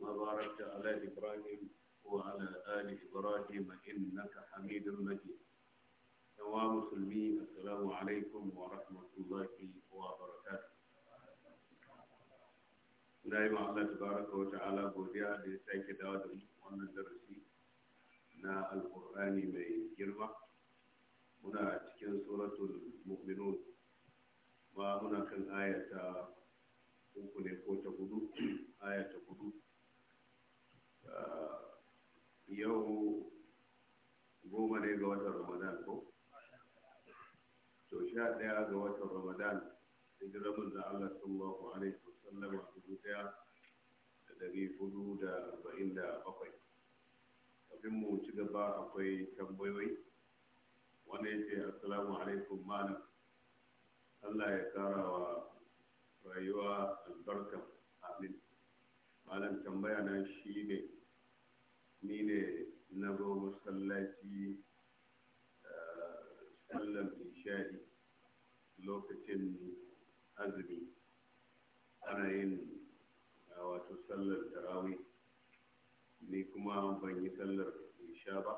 ما باركت على إبراهيم وعلى آل إبراهيم إنك حميد مجيد نوام مسلمي السلام عليكم ورحمة الله وبركاته Na'ima Allah tabaraka wa ta'ala godiya da ya sake dawo da wannan darasi na alkur'ani mai girma muna cikin suratul mu'minun ma muna kan ayata uku ne ko ta gudu ayata gudu Uh, yau goma ne ga watan ramadan ko to sha ɗaya ga watan ramadan hijirar da Allah sallallahu alaihi wasallam dubu ɗaya da ɗari hudu da arba'in da bakwai kafin mu ci gaba akwai tambayoyi wanda ya ce assalamu alaikum malam Allah ya kara wa rayuwa albarka amin malam tambaya na shi ne ni ne na ba masallaci eh, sallan isha'i lokacin azumi ana yin eh, wato sallar tarawi ni kuma ban yi sallar isha ba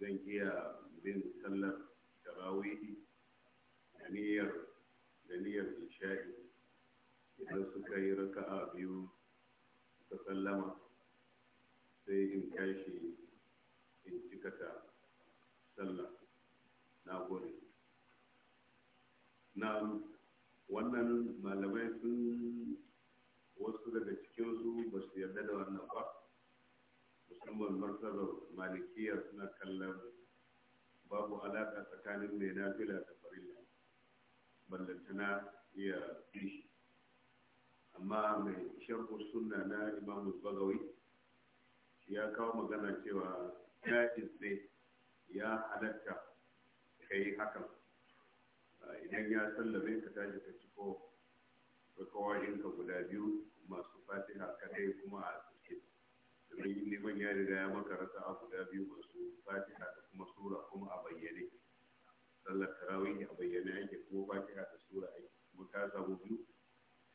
zan iya bin sallar tarawi da niyyar da niyyar isha'i idan suka yi raka'a biyu suka sallama sai in kai in cikata sallah na gode na wannan malamai sun wasu daga cikinsu ba su yarda da wannan ba musamman martabar malikiya suna kallon babu alaƙa tsakanin mai nafila da farilla ballantana iya bishi amma mai sharhu sunna na imamu Bagawai. ya kawo magana cewa ya izne ya halatta ka yi hakan idan ya sallame ka tashi ka ciko ka guda biyu masu fatiha kadai kuma a tsirke domin neman ya riga ya maka rasa a guda biyu masu fatiha da kuma sura kuma a bayyane sallar tarawih a bayyane ake kuma fatiha da sura ake kuma ta samu biyu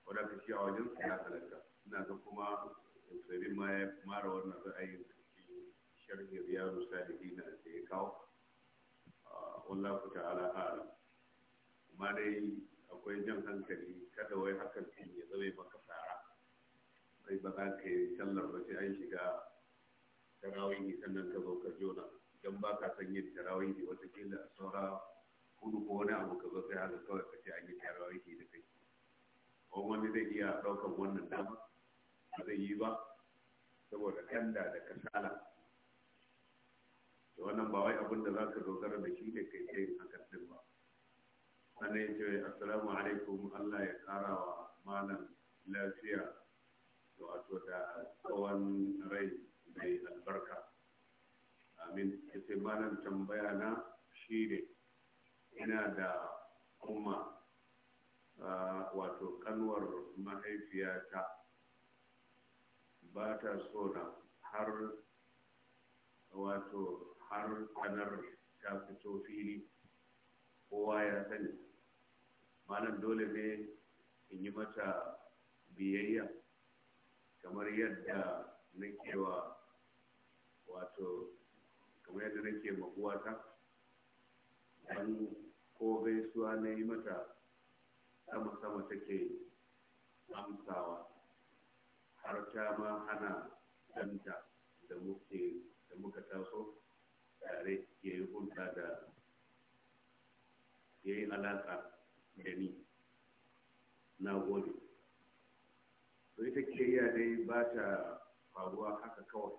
wadda ka shi a wajen ya halatta ina ga kuma Usaimin ma ya mara wannan ra'ayin cikin sharhin riyadu salihina da ya kawo ku ah, ta'ala ala kuma dai akwai jan hankali kada wai hakan din ya zame maka tsara sai ba za ka yi sallar ba sai an shiga tarawihi sannan ka zo ka jona idan ba ka san yin tarawihi watakila a saura hudu ko wani abu ka zo sai haka kawai ka ce an yi tarawihi da kai ko wani zai iya ɗaukar wannan dama ba zai yi ba saboda kanda da kasala da wannan ba wai abin da za ka dogara da shi ne kai ta yin hakan ba sannan ya ce assalamu alaikum allah ya kara wa malam lafiya wato da tsawon rai mai albarka amin ya ce malam tambaya na shi ne ina da kuma ah, wato kanwar mahaifiyata ba ta so na har wato har kanar ta fito fili kowa ya sani malam dole ne in yi mata biyayya kamar yadda nake wa wato kamar yadda nake makuwata don ko gaisuwa na yi mata sama-sama take amsawa har ta ma hana danta da muke da muka taso tare ya yi hulɗa da ya yi alaƙa da ni na gode to ita kiyayya dai ba ta faruwa haka kawai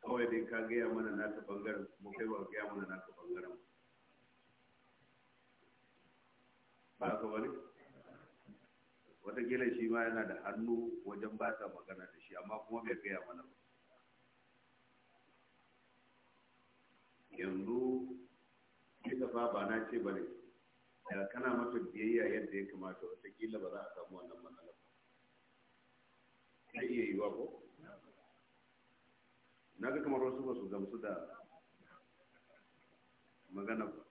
kawai dai ka gaya mana ta bangaren mu kai ba gaya mana ta bangaren ba ka wani. watakila shi ma yana da hannu wajen ba ta magana da shi amma kuma bai gaya mana ba yanzu kika fa ba na ce bane da kana mata biyayya yadda ya kamata watakila ba za a samu wannan matsala ba ta iya yiwa ko na ga kamar wasu ba su gamsu da magana ba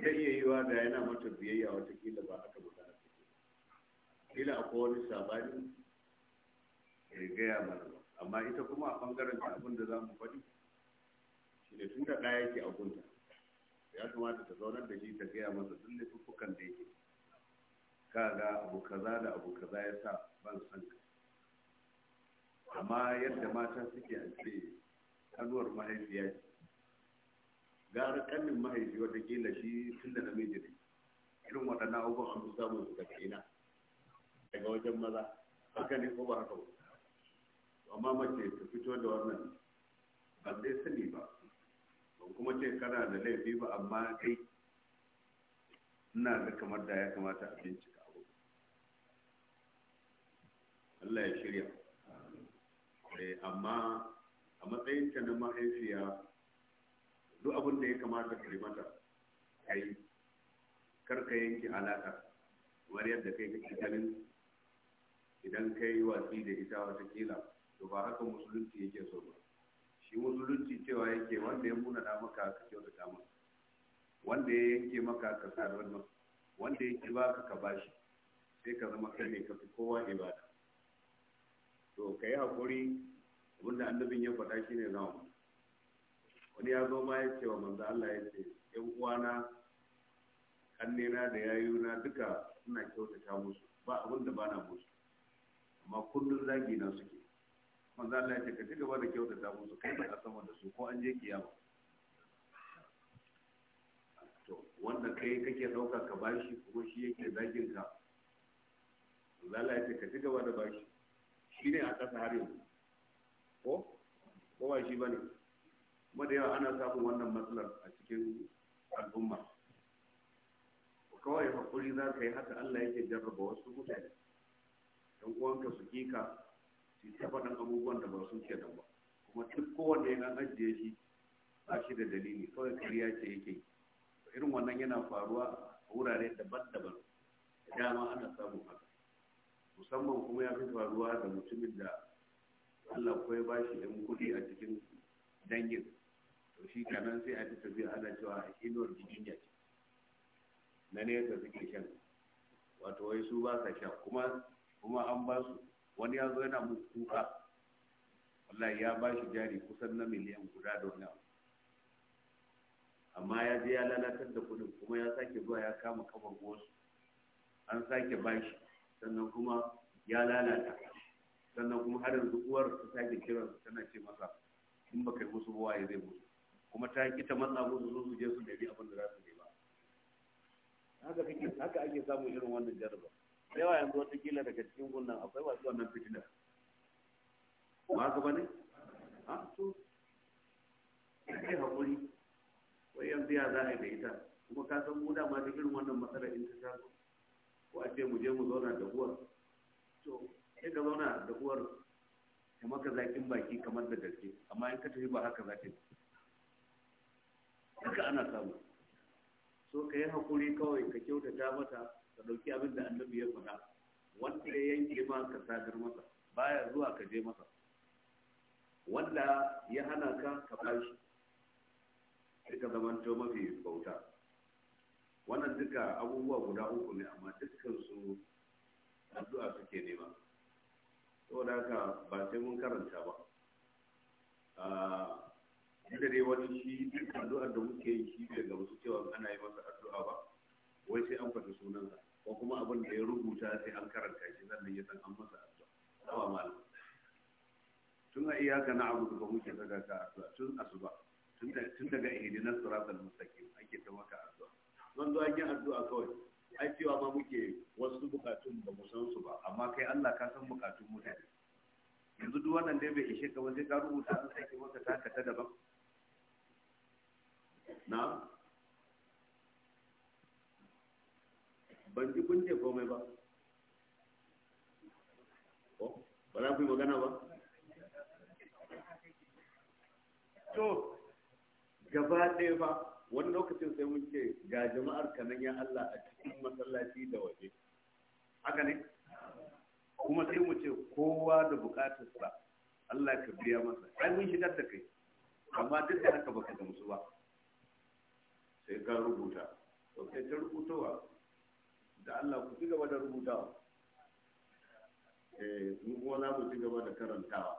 ya iya yiwa da yana mata biyayya watakila ba aka buga a ke kila akwai wani sabani ya gaya mana ba amma ita kuma a bangaren ta abin da za mu faɗi shi ne tun da ɗaya yake a gunta ya kamata ta zaunar da shi ta gaya masa duk laifuffukan da yake ga abu kaza da abu kaza ya sa ban san ka amma yadda mata suke a ce kanuwar mahaifiya ce gara kannin mahaifi kila shi tun da namiji ne irin waɗanda abubuwan an fi samun su daga ina daga wajen maza haka ne ko ba haka ba amma mace ta fito da wannan ban zai sani ba ban kuma ce kana da laifi ba amma kai ina ga kamar da ya kamata a bincika abu Allah ya shirya eh, amma a matsayin na mahaifiya duk abin da ya kamata ka yi mata ka yi kar ka yanke alaka kamar yadda kai kake ganin idan ka yi watsi da ita watakila to ba haka musulunci yake so ba shi musulunci cewa yake wanda ya muna da maka ka kyautata masa wanda ya yanke maka ka sadar ma wanda ya ƙi ba ka bashi sai ka zama kai ne ka fi kowa ibada to ka yi haƙuri abinda annabin ya faɗa shi ne zama wani ya zo ma ya ce wa manzo Allah ya ce yan uwana kannena da yayuna duka suna kyautata musu ba abin da bana musu amma kullun zagi na suke manzo Allah ya ce ka ci gaba da kyautata musu kai ba sama da su ko an je kiyama to wanda kai kake dauka ka bashi kuma shi yake zagin ka manzo Allah ya ce ka ci gaba da bashi shine a kasa har yanzu ko ko ba shi bane kuma da yawa ana samun wannan matsalar a cikin al'umma kawai hakuri za ka yi haka Allah yake jarraba wasu mutane don uwanka su kika su ta abubuwan da ba su ke nan ba kuma duk kowane an ajiye shi ba shi da dalili kawai kariya ce yake irin wannan yana faruwa a wurare daban-daban da dama ana samun haka musamman kuma ya fi faruwa da mutumin da Allah kawai ba bashi ɗan kuɗi a cikin dangin to shi kanan sai a ta tafiya ana cewa a inuwar giginya ce na nesa suke shan wato wai su ba sa sha kuma kuma an ba su wani ya zo yana musu kuka wallahi ya ba shi jari kusan na miliyan guda da wani abu amma ya je ya lalatar da kudin kuma ya sake zuwa ya kama kafar wasu an sake bashi sannan kuma ya lalata sannan kuma har yanzu uwar ta sake kiran tana ce masa in ba kai musu ruwa ya zai musu kuma ta kita matsa musu zo su je su nemi abin da za su nema haka kake haka ake samu irin wannan jarraba sai yawa yanzu wata kila daga cikin gunnan akwai wasu wannan fitina ba ka bane ha to kai hakuri wai yanzu ya za a yi da ita kuma ka san mu dama da irin wannan matsala in ta taso ko a ce mu je mu zauna da uwar to sai ka zauna da uwar kamar maka zakin baki kamar da gaske amma in ka tafi ba haka za ta yi duka ana samu so ka yi haƙuri kawai ka kyautata mata ka ɗauki abin da annabi ya faɗa wanda ya yanke ma ka sadar masa baya zuwa ka je masa wanda ya hana ka ka bashi sai ka to mafi bauta wannan duka abubuwa guda uku ne amma dukkan su addu'a suke nema saboda haka ba sai mun karanta ba ah, da dai wani shi addu'ar da muke yi shi daga wasu cewa ana yi masa addu'a ba wai sai an faɗi sunansa ko kuma abin da ya rubuta sai an karanta shi sannan ya san an masa addu'a awa malam tun a iyaka na abu da muke saka ka addu'a tun asuba tun daga ihdinas siratal mustaqim ake ta maka addu'a zan zo ake addu'a kawai ai cewa ma muke wasu bukatun ba mu san su ba amma kai Allah ka san bukatun mutane yanzu duk wannan dai bai ishe ka ba ka rubuta an sake maka taka ta daban na ban ji kun ce komai ba ba za ku yi magana ba to gaba ɗaya ba wani lokacin sai mun ce ga jama'ar kanan ya Allah a cikin masallaci da waje haka ne kuma sai mu ce kowa da bukatarsa Allah ka biya masa ai mun shigar da kai amma duk da haka baka gamsu ba sai ka rubuta to kai ta rubutowa da Allah ku ci gaba da rubutawa eh mu kuma za mu ci gaba da karantawa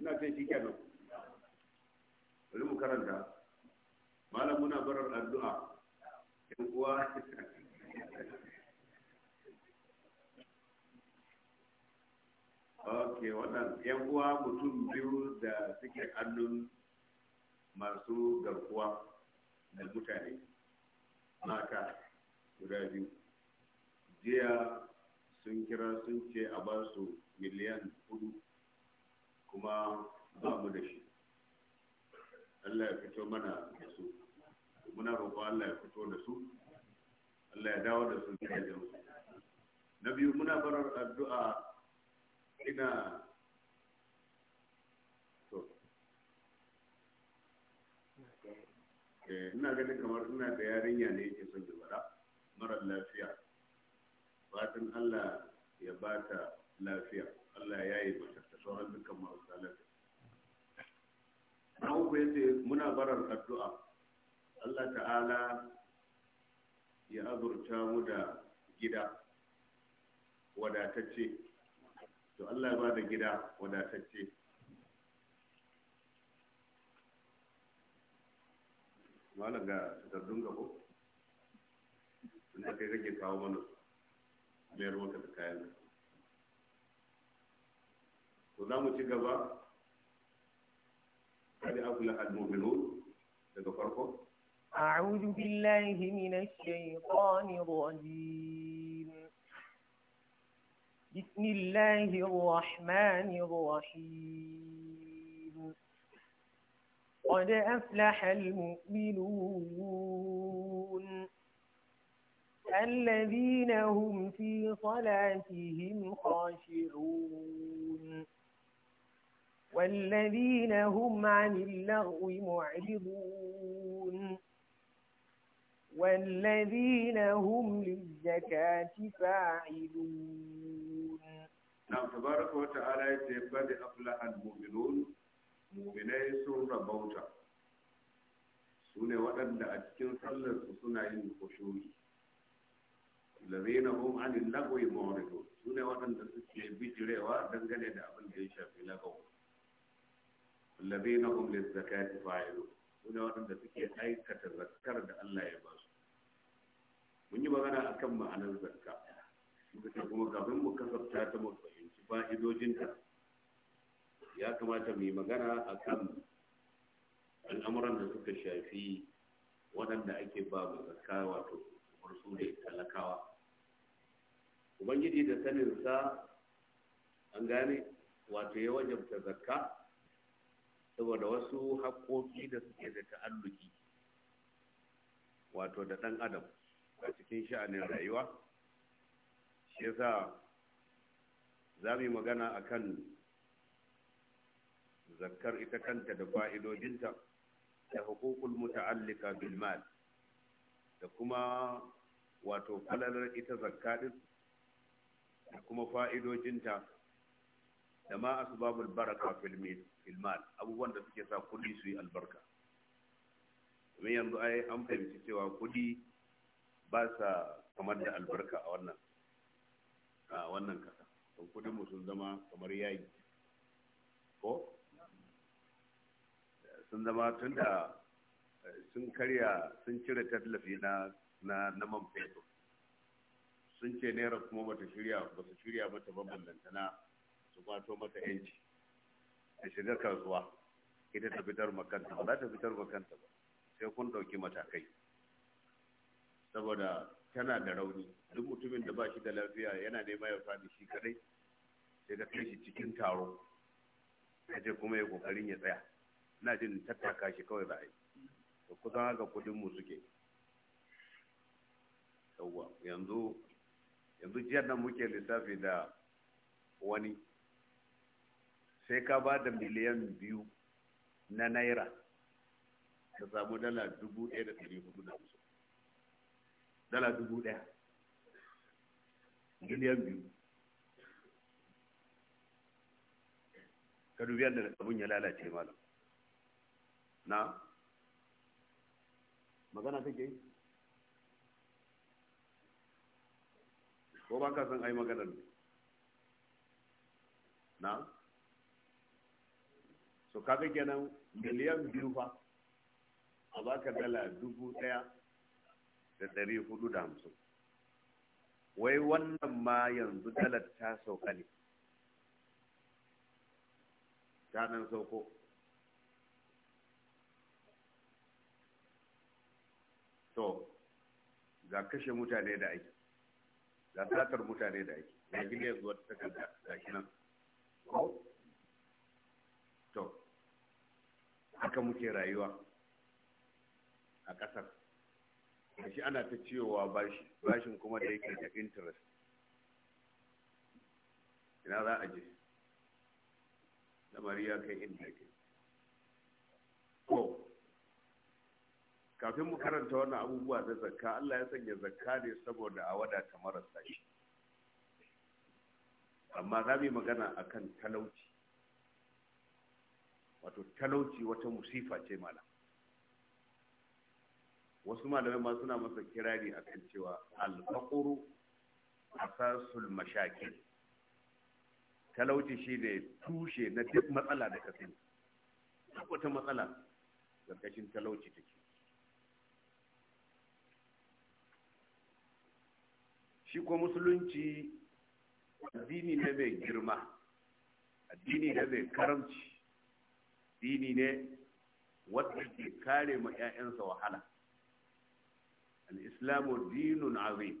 ina ce shi kenan bari mu karanta malam muna barar addu'a yan uwa ok wannan yan uwa mutum biyu da suke annun. masu garkuwa na mutane mata guda biyu jiya sun kira sun ce a ba su miliyan hudu kuma ba mu da shi Allah ya fito mana da su muna roƙo Allah ya fito da su Allah ya dawo da su gidajen su na biyu muna barar addu'a ina Eh, ina ganin kamar ina da yarinya ne yake son jibara marar lafiya fatan Allah ya ba ta lafiya Allah ya yi mata ta sauran dukkan marasa lafiya na uku yace muna barar addu'a Allah ta'ala ya azurta mu da gida wadatacce to Allah ya ba da gida wadatacce malam ga takardun gabo ka kai kake kawo mana mayar maka da kayan to za mu ci gaba kada akula al-mu'minun daga farko أعوذ بالله من الشيطان الرجيم بسم الله الرحمن الرحيم قد أفلح المؤمنون الذين هم في صلاتهم خاشعون والذين هم عن اللغو معرضون والذين هم للزكاة فاعلون نعم تبارك وتعالى يتبدأ أفلح المؤمنون muminai sun rabauta su ne waɗanda a cikin sallarsu suna yin kushuri lazina hum anil lagwi mu'ridun su ne waɗanda suke bijirewa dangane da abin da ya shafi lagawa lazina hum lizzakati fa'ilu su ne waɗanda suke aikata zakkar da Allah ya ba su mun yi magana akan ma'anar zakka muka ce kuma kafin mu kasafta ta mu fahimci fa'idojinta ya kamata mu yi magana a kan al'amuran da suka shafi waɗanda ake ba mu zakka wato su ne talakawa ubangiji da saninsa an gane wato ya wajabta zakka saboda wasu haƙƙoƙi da suke da ta'alluki wato da ɗan adam a cikin sha'anin rayuwa shi yasa za mu yi magana a kan. zakkar ita kanta da fa'idodinta da hukukul muta'allika bil mal da kuma wato falalar ita zakka da kuma fa'idojinta da ma asbabul baraka fil mal abubuwan da suke sa kudi su yi albarka domin yanzu ai an fahimci cewa kudi ba sa kamar da albarka a wannan a wannan kasa kudin mu sun zama kamar yayi ko sun zama tun da eh, sun karya sun cire tallafi na na na man fetur sun ce naira kuma bata shirya basu shirya mata bambantana su kwato mata yanci ta shiga kasuwa ita ta fitar makanta ba za ta fitar makanta ba sai kun dauki matakai saboda tana da rauni duk mutumin da ba shi da lafiya yana nema ya fadi shi kadai sai ka kai shi cikin taro kaje kuma ya kokarin ya tsaya na jin tattaka shi kawai za a yi to kusan haka kudin mu suke yawwa yanzu yanzu jiyar nan muke lissafi da wani sai ka ba da miliyan biyu na naira ka samu dala dubu ɗaya da ɗari hudu da hamsin dala dubu ɗaya miliyan biyu ka dubi yadda abun ya lalace malam na magana take yi ko ba ka san ai maganar na so kaga kenan miliyan biyu fa a ba ka dala dubu daya da dari hudu da hamsin wai wannan ma yanzu dalar ta sauka ne ta nan sauko to ga kashe mutane da ake ga satar mutane da ake ga gina yanzu wata takarda ga shi nan to haka muke rayuwa a ƙasar da shi ana ta ciyowa bashi bashin kuma da yake da interest ina za a je lamari ya kai inda ke ko kafin mu karanta wannan abubuwa da zakka Allah ya sanya zakka ne saboda a wadata marasa shi amma za mu magana akan talauci wato talauci wata musifa ce mana. wasu malamai ma suna masa kirari akan cewa alfaquru asasul mashakil talauci shi ne tushe na duk matsala da ka duk wata matsala karkashin talauci take shi ko musulunci addini ne mai girma addini ne mai karamci addini ne wadda ke kare ma 'ya'yansa wahala al'islamu dinun azim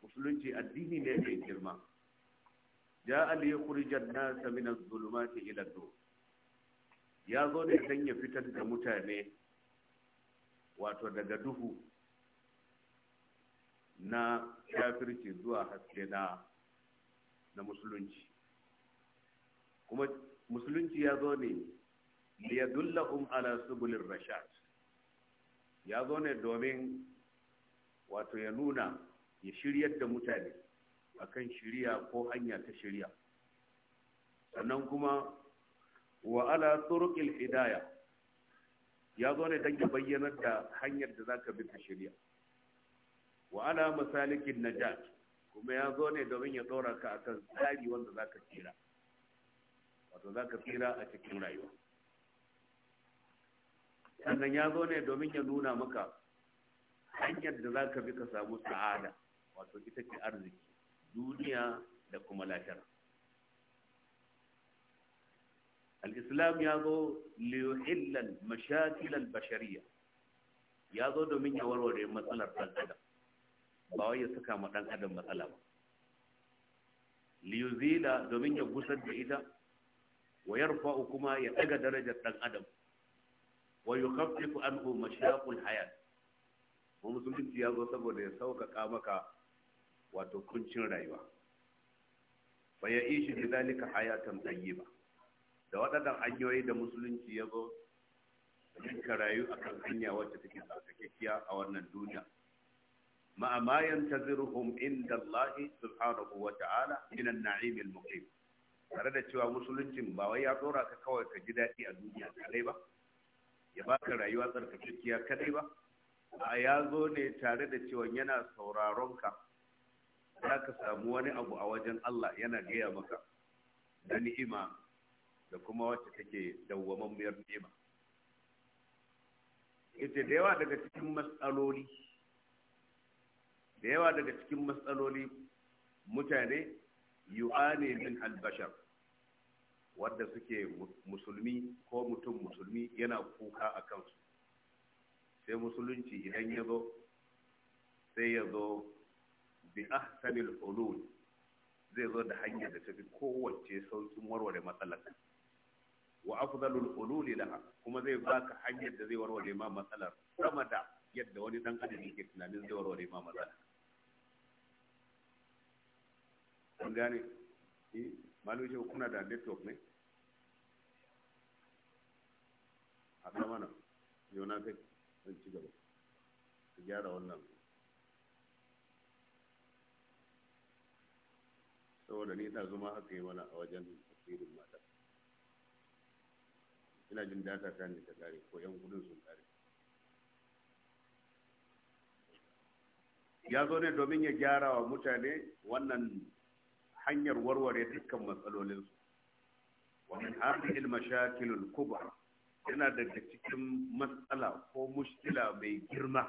musulunci addini ne mai girma ja aliyu kurjan nasa min zulumati ila nur ya zo ne don ya fitar da mutane wato daga duhu na kafirci zuwa haske na na musulunci kuma musulunci ya zo ne um ala subulir rashad ya zo ne domin wato ya nuna ya shiryar da mutane akan shirya ko hanya ta shirya. sannan kuma wa ala turqil hidaya ya zo ne don ya bayyanar da hanyar da zaka bi ta shirya. wa ala masalikin najat kuma ya zo ne domin ya tsora ka akan tsari wanda zaka tsira wato zaka tsira a cikin rayuwa sannan ya zo ne domin ya nuna maka hanyar da zaka bi ka samu sa'ada wato ita ce arziki duniya da kuma lahira al-islam ya zo liyuhillal mashakilal bashariya ya zo domin ya warware matsalar ɗan adam ba wai ya saka ma dan adam matsala ba liyuzila domin ya gusar da ita wa yarfa'u kuma ya daga darajar dan adam wa yukhaffifu anhu mashaqul hayat mu musulunci ya zo saboda ya sauƙaƙa maka wato kuncin rayuwa fa ya ishi bi dalika hayatan tayyiba da waɗannan hanyoyi da musulunci ya zo ka rayu akan hanya wacce take tsarkakekiya a wannan duniya مع ما ينتظرهم عند الله سبحانه وتعالى من النعيم المقيم tare da cewa musuluncin ba wai ya tsora ka kawai ka ji daɗi a duniya kadai ba ya baka rayuwa tsarkakakkiya kadai ba a ya zo ne tare da cewa yana sauraron ka za ka samu wani abu a wajen Allah yana gaya maka da ni'ima da kuma wacce take dawwamammiyar ni'ima ita da yawa daga cikin matsaloli da yawa daga cikin matsaloli mutane yu'ani min albashar wadda suke musulmi ko mutum musulmi yana kuka a kansu sai musulunci idan ya zo sai ya zo bi ahsanil hulul zai zo da hanyar da tafi kowace saukin warware matsalar wa afdalul hulul laha kuma zai baka hanyar da zai warware ma matsalar sama da yadda wani dan adam yake tunanin zai warware ma matsalar an gane eh, maluje kuna da network ne a mana yau na kai zan ci gaba ka gyara wannan saboda ni ina zuma haka yi mana a wajen asirin mata ina jin data ta ne ta kare ko yan gudun sun kare ya zo ne domin ya gyara wa mutane wannan hanyar warware dukkan matsalolinsu wani harin mashakilul kuba yana daga cikin matsala ko mushkila mai girma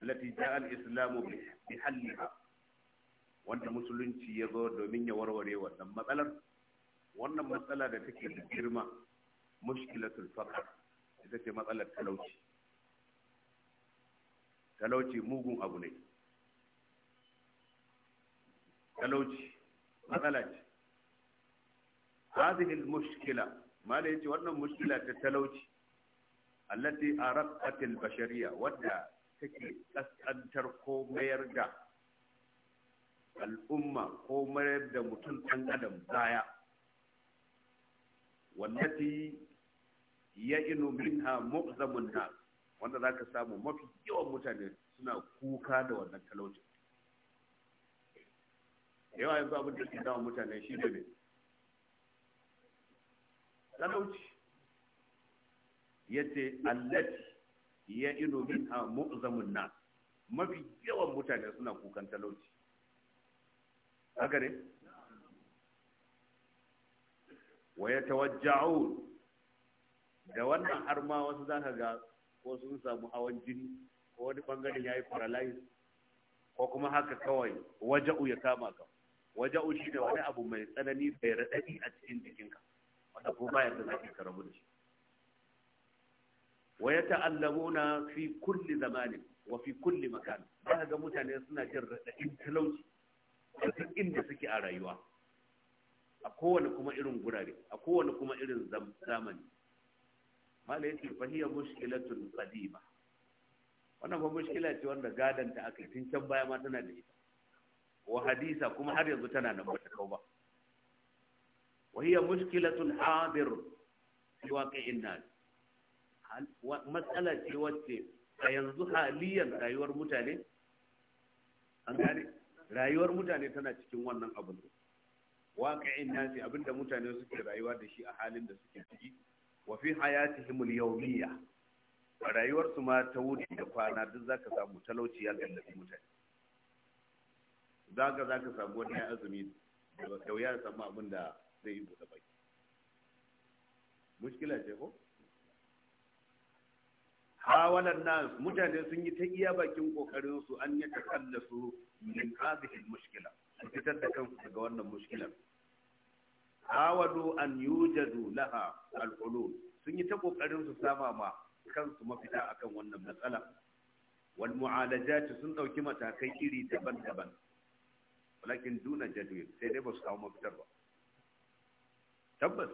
lati ja al-islamu bi halliha wanda musulunci ya zo domin ya warware wannan matsalar wannan matsala da take da girma mushkilatul faqr ita ce matsalar talauci talauci mugun abu ne talauci matsala ce hadhihi mushkila malai yace wannan mushkila ta talauci allati araqat al wadda take kaskantar ko mayar da al'umma ko mayar da mutum ɗan adam zaya. wannati ya inu minha muqzamun nas wanda zaka samu mafi yawan mutane suna kuka da wannan talaucin yawa yanzu abin da ke damun mutane shi ne ne talauci yace allati ya ino min a mu'zamun na mafi yawan mutane suna kukan talauci haka ne wa ya tawajja'un da wannan har ma wasu za ka ga ko sun samu hawan jini ko wani bangaren ya yi paralyze ko kuma haka kawai waja'u ya kama ka Waje shi da wani abu mai tsanani bai raɗaɗi a cikin jikinka wanda ko ba yadda zaki ka rabu da shi wa yata'allamuna fi kulli zamanin wa fi kulli makan ba ga mutane suna jin raɗaɗin talauci a duk inda suke a rayuwa a kowane kuma irin gurare a kowane kuma irin zamani malai yake fahiya mushkilatun qadima wannan fa mushkila ce wanda gadanta aka tun can baya ma tana da ita wa hadisa kuma har yanzu tana nan ta kau ba wa hiya mushkilatul hadir fi waqi'in nas matsala ce wacce a yanzu haliyan rayuwar mutane an gane rayuwar mutane tana cikin wannan ne waqi'in nas abinda mutane suke rayuwa da shi a halin da suke ciki wa fi hayatihim al-yawmiyya rayuwarsu ma ta wuce da kwana duk zaka samu talauci ya gallabi mutane za ka za ka samu wani azumi da wuya da samu abin da zai yi buɗe baki mushkila ce ko wannan nan mutane sun yi ta iya bakin kokarin su an kalla su min hadhihi mushkila fitar da kansu daga wannan mushkilar hawadu an yujadu laha al sun yi ta kokarin su saba ma kansu mafita akan wannan matsala wal mu'alajati sun dauki matakai iri daban-daban walakin duna jadwin sai dai ba su kawo mafitar ba tabbas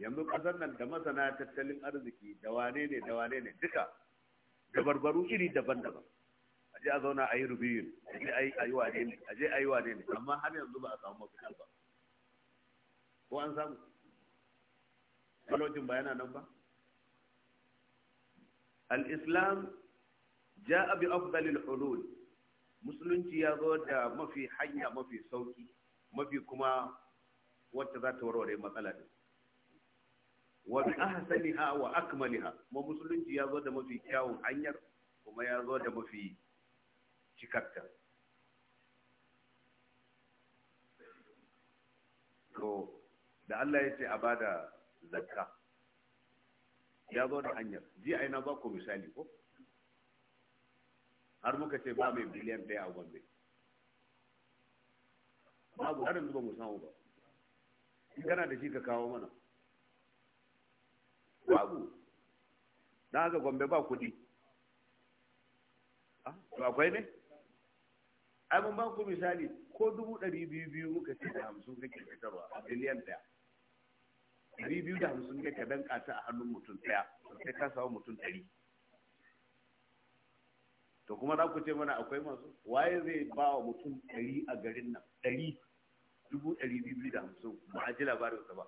yanzu kasar nan da masana tattalin arziki da wane ne da wane ne duka da barbaru iri daban-daban a je a zauna a yi rubiyun a je a yi wane ne amma har yanzu ba a samu mafitar ba ko an samu talaucin ba yana nan ba al-islam ja'a bi afdalil hulul musulunci ya zo da mafi hanya mafi sauki mafi kuma wacce za ta warware matsala din wa bi ahsaniha wa akmaliha mu musulunci ya zo da mafi kyawun hanyar kuma ya zo da mafi cikarta to da Allah ya ce a bada zakka ya zo da hanyar ji aina ba ku misali ko har muka ce ba mai biliyan ɗaya a gombe babu har yanzu ba mu samu ba in kana da shi ka kawo mana babu na ga gombe ba kuɗi ah, to akwai ne ai mun ba ku misali ko dubu ɗari biyu biyu muka ce da hamsin kake fitarwa a biliyan ɗaya ɗari biyu da hamsin kake ka danka ta a hannun mutum ɗaya sai ka samu mutum ɗari to kuma za ku ce mana akwai masu waye zai ba wa mutum ɗari a garin nan ɗari dubu ɗari biyu da hamsin ba a ji labarinsa ba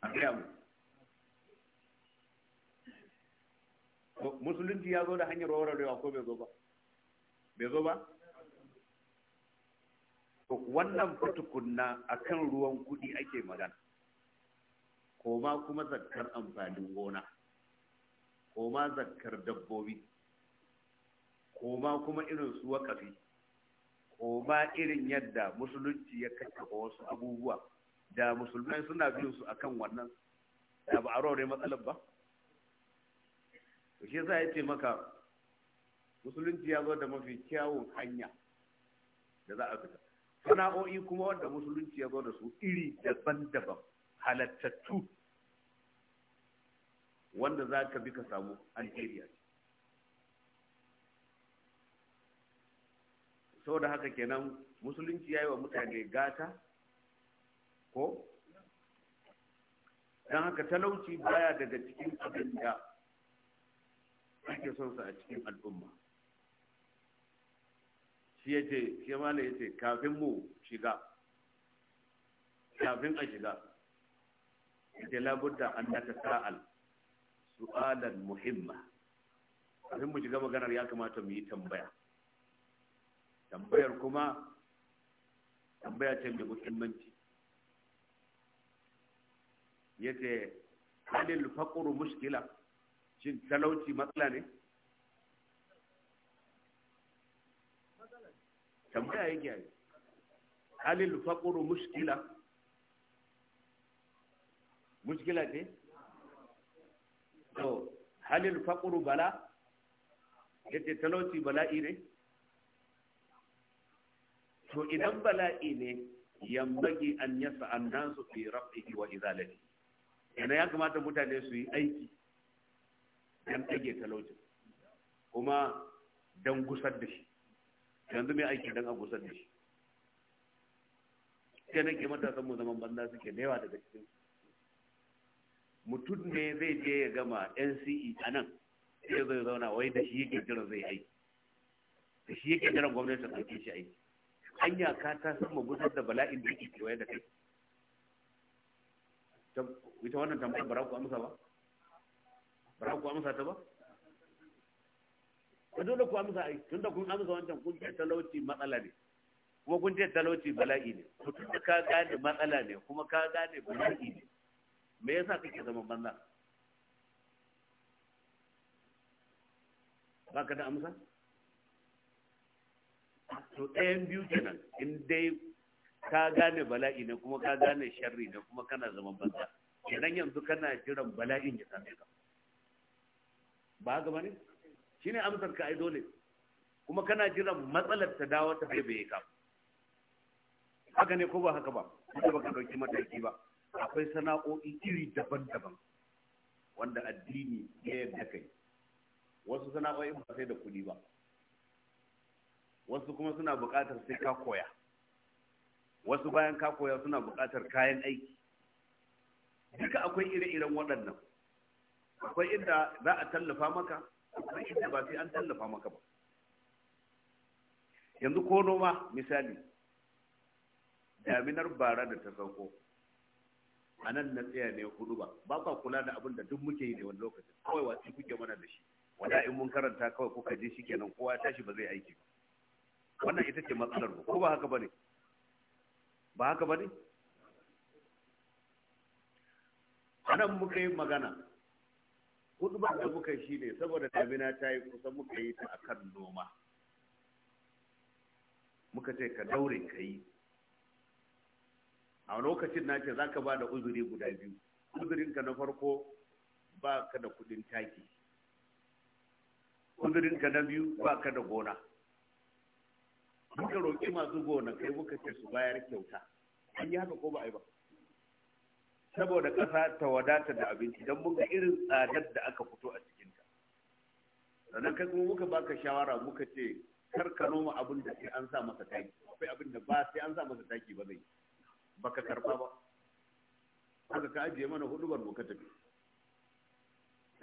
a gaya mu musulunci ya zo da hanyar warwarewa ko bai zo ba bai zo ba To wannan fatukunna a kan ruwan kuɗi ake magana koma kuma zakkar amfanin gona koma zakkar dabbobi koma kuma irin su wakafi koma irin yadda musulunci ya kakkafa wasu abubuwa da musulmai suna bin su akan wannan da ba arore rore matsalar ba shi yasa a ce maka musulunci ya zo da mafi kyawun hanya da za a fita sana'o'i kuma wanda musulunci ya zo da su iri daban-daban halattattu wanda za ka bi ka samu algeria da haka kenan musulunci ya yi wa mutane gata ko don haka talauci baya daga cikin abin da ake son sa a cikin al'umma shi ya ce shi mala ya kafin mu shiga kafin a shiga ya labudda an ta sa'al su'alan muhimma kafin mu shiga maganar ya kamata mu yi tambaya tambayar kuma tambaya ce mai muhimmanci ya ce halil faƙuru mushkila shin talauci matsala ne tambaya yake yi halil faƙuru mushkila mushkila ce? to halil faƙuru bala ya ce talauci bala'i ne? to idan bala'i ne yambagi an yasa nasu fi rafi wa izalati yana ya kamata mutane su yi aiki dan tage talaucin kuma dan gusar da shi yanzu mai aiki dan a gusar da shi sai nake matasan mu zaman banza suke da daga cikin mutum ne zai je ya gama NCE a nan sai zai zauna wai da shi yake jiran zai aiki da shi yake jiran gwamnati ta ɗauke shi aiki hanya ka ta sama gudanar da bala'in da yake kewaye da kai ita wannan tambayar bara ku amsa ba Bara ku amsa ta ba Ko dole ku amsa ai tun da kun amsa wancan kun ce talauci matsala ne kuma kun ce talauci bala'i ne to tun da ka gane matsala ne kuma ka gane bala'i ne me yasa kake zama banza ba ka da amsa to ɗayan biyu kenan in dai ka gane bala'i ne kuma ka gane sharri ne kuma kana zaman banza idan yanzu kana jiran bala'in ya same ka ba haka bane shine amsar ka ai dole kuma kana jiran matsalar ta dawo ta bai bai ka haka ne ko ba haka ba kuma baka dauki mataki ba akwai sana'o'i iri daban-daban wanda addini ya yarda kai wasu sana'o'i ba sai da kuɗi ba wasu kuma suna buƙatar sai ka koya wasu bayan ka koya suna buƙatar kayan aiki duka akwai ire-iren waɗannan akwai inda za a tallafa maka akwai inda ba sai an tallafa maka ba yanzu ko noma misali daminar bara da ta sauko a nan na tsaya ne hudu ba ba ka kula da abin da duk muke yi ne wani lokacin kawai wasu kuke mana da shi wanda in mun karanta kawai kuka je shi kenan kowa ya tashi ba zai aiki ba wannan ita ce matsalar ko ba haka bane ba haka bane anan muka yi magana hudubar da muka shi ne saboda damina ta yi kusa muka yi ta akan noma muka ce ka daure ka yi a lokacin na ce za ka ba da uzuri guda biyu uzurinka na farko ba ka da kudin taki uzurinka na biyu ba ka da gona muka roƙi masu gonakai muka ce su bayar kyauta an yi haka ko ba a yi ba saboda ƙasa ta wadata da abinci don muka irin tsadar da aka fito a cikinta sannan kai kuma muka baka shawara muka ce kar ka noma abin da sai an sa masa taki akwai abin da ba sai an sa masa taki ba zai baka karba ba haka ka ajiye mana mu muka tafi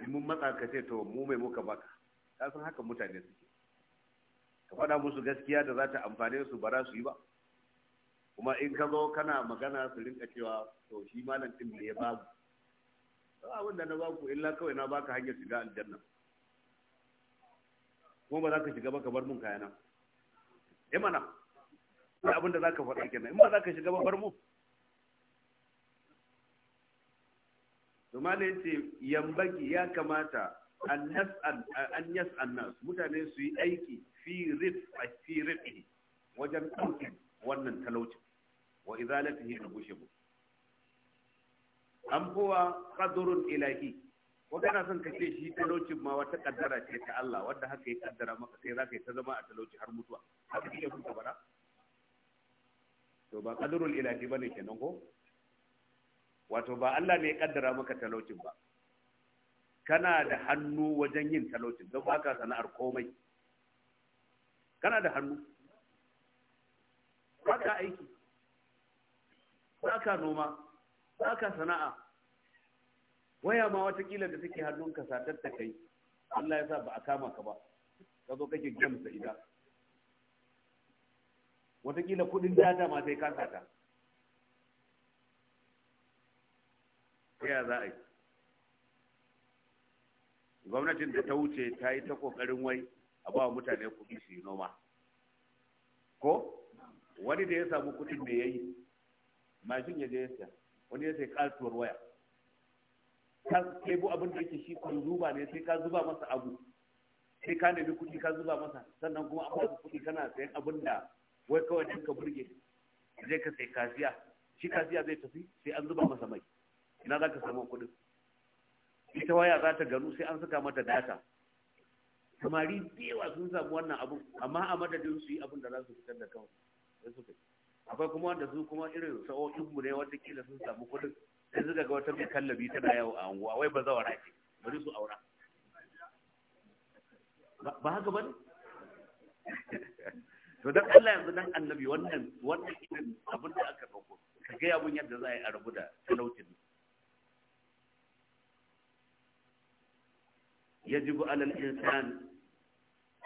mun matsa ka ce to mu mai muka baka ka san haka mutane suke ka faɗa musu gaskiya da za ta amfane su ba su yi ba kuma in ka zo kana magana su rinka cewa to shi malam din me ya babu abin da na baku illa kawai na baka hanyar shiga aljanna kuma ba za ka shiga ba ka bar mun kayana eh mana sai abin da za ka faɗa kenan in ba za ka shiga ba bar mu to malam ce yambaki ya kamata an yas nas mutane su yi aiki fi rifi wajen ɗaukin wannan talaucin wa izalatihi na gushe mu an kowa ƙadurun ilahi ko na son ka shi talaucin ma wata kaddara ce ta Allah wanda haka ya kaddara maka sai ka yi ta zama a talauci har mutuwa haka ke kun bara to ba ƙadurun ilahi bane kenan ko wato ba Allah ne ya kaddara maka talaucin ba kana da hannu wajen yin talauci don ba ka sana'ar komai kana da hannu ba ka aiki ba ka noma ba ka sana'a waya ma watakila da take hannunka satar ta kai Allah ya sa ba a kama ka ba ka zo kake gamsa ida watakila kudin data ma sai ka sata ya za a yi gwamnatin da ta wuce ta yi ta kokarin wai a ba mutane kuɗi su yi noma ko wani da ya samu kuɗin mai yayi mashin ya je ya wani ya sai katuwar waya ka kebo abin da yake shi zuba ne sai ka zuba masa abu sai ka nemi kuɗi ka zuba masa sannan kuma an baka kuɗi kana sayan abin da wai kawai din ka burge zai ka sai kasiya shi kasiya zai tafi sai an zuba masa mai ina za ka samu kuɗin ita waya za ta gano sai an saka mata data samari yawa sun samu wannan abun amma a madadin su yi abun da za su fitar da kansu sai akwai kuma wanda su kuma irin sa'o'in mu ne wata kila sun samu kuɗin sai suka ga wata mai kallabi tana yawo a anguwa wai ba zawara ce bari su aura ba haka ba ne to dan Allah yanzu dan annabi wannan wannan irin abin da aka dauko ka ga mun yadda za a yi a rabu da talautin yajibu alal insan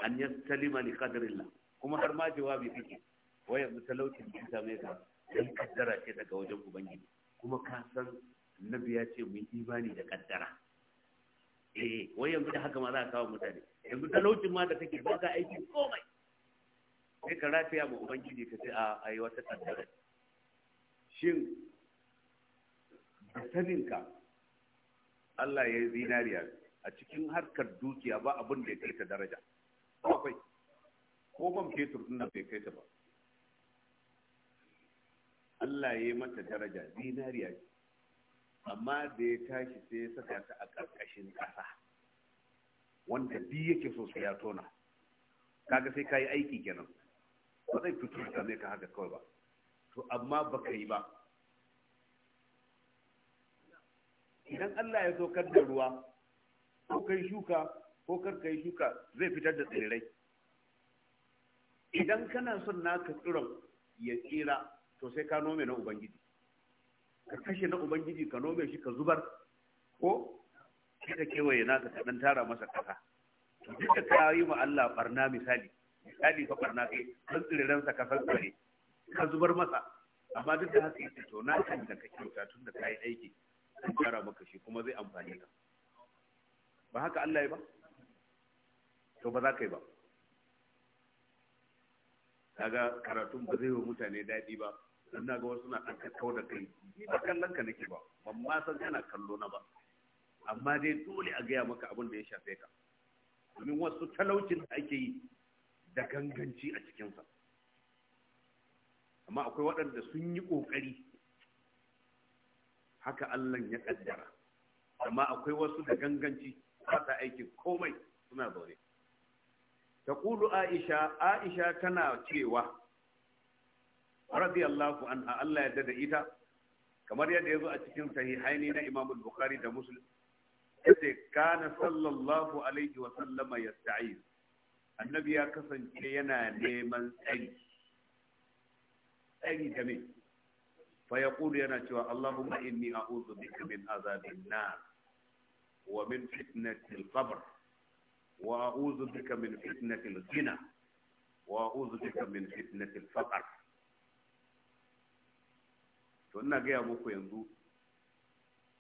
an yastalima li qadrillah kuma har ma jawabi kake waya mutalautin din ta mai ka dan kaddara ce daga wajen ubangiji kuma ka san nabi ya ce mun imani da kaddara eh wai yanzu da haka ma za ka kawo mutane yanzu talaucin ma da kake ba ka aiki komai sai ka rafiya ma ubangiji ka ce a ai wata kaddara shin da saninka Allah ya yi zinariya a cikin harkar dukiya ba abin da ya kai ta daraja akwai ko ban fetur din nan bai kai ta ba Allah ya yi mata daraja zinariya ce amma da ya tashi sai ya saka ta a ƙarƙashin ƙasa wanda bi yake so ya tona kaga sai ka yi aiki kenan ba zai fito da mai ka haka kawai ba to amma baka yi ba idan Allah ya saukar da ruwa ko kai shuka ko kar kai shuka zai fitar da tsirrai idan kana son naka tsiron ya tsira to sai ka nome na ubangiji ka kashe na ubangiji ka nome shi ka zubar ko sai ka kewaye naka ka dan tara masa kasa duk da ka yi ma Allah barna misali misali fa barna kai san tsirran sa ka fasare ka zubar masa amma duk da haka to na kan da ka kyauta tun da kai aiki an tara maka shi kuma zai amfani ka ba haka Allah ya ba to ba za ka yi ba daga karatun ba zai wa mutane daɗi ba dan na ga wasu na ɗan kakkau da kai ni ba kallon ka nake ba ban ma san kana kallo na ba amma dai dole a gaya maka abin da ya shafe ka domin wasu talaucin da ake yi da ganganci a cikinsa amma akwai waɗanda sun yi ƙoƙari haka Allah ya ƙaddara amma akwai wasu da ganganci aikin komai suna zaune Kulu aisha aisha tana cewa radiyallahu anha Allah ya da ita kamar yadda yazo a cikin sahihaini na Imam Bukhari da Muslim yace kana sallallahu alaihi wa sallama yasta'iz annabi ya kasance yana neman tsari tsari game, fa ya yaqulu yana cewa Allahumma inni a'udhu bika min azabin nar ومن فتنة القبر وأعوذ بك من فتنة الغنى وأعوذ بك من فتنة الفقر to ina gaya muku yanzu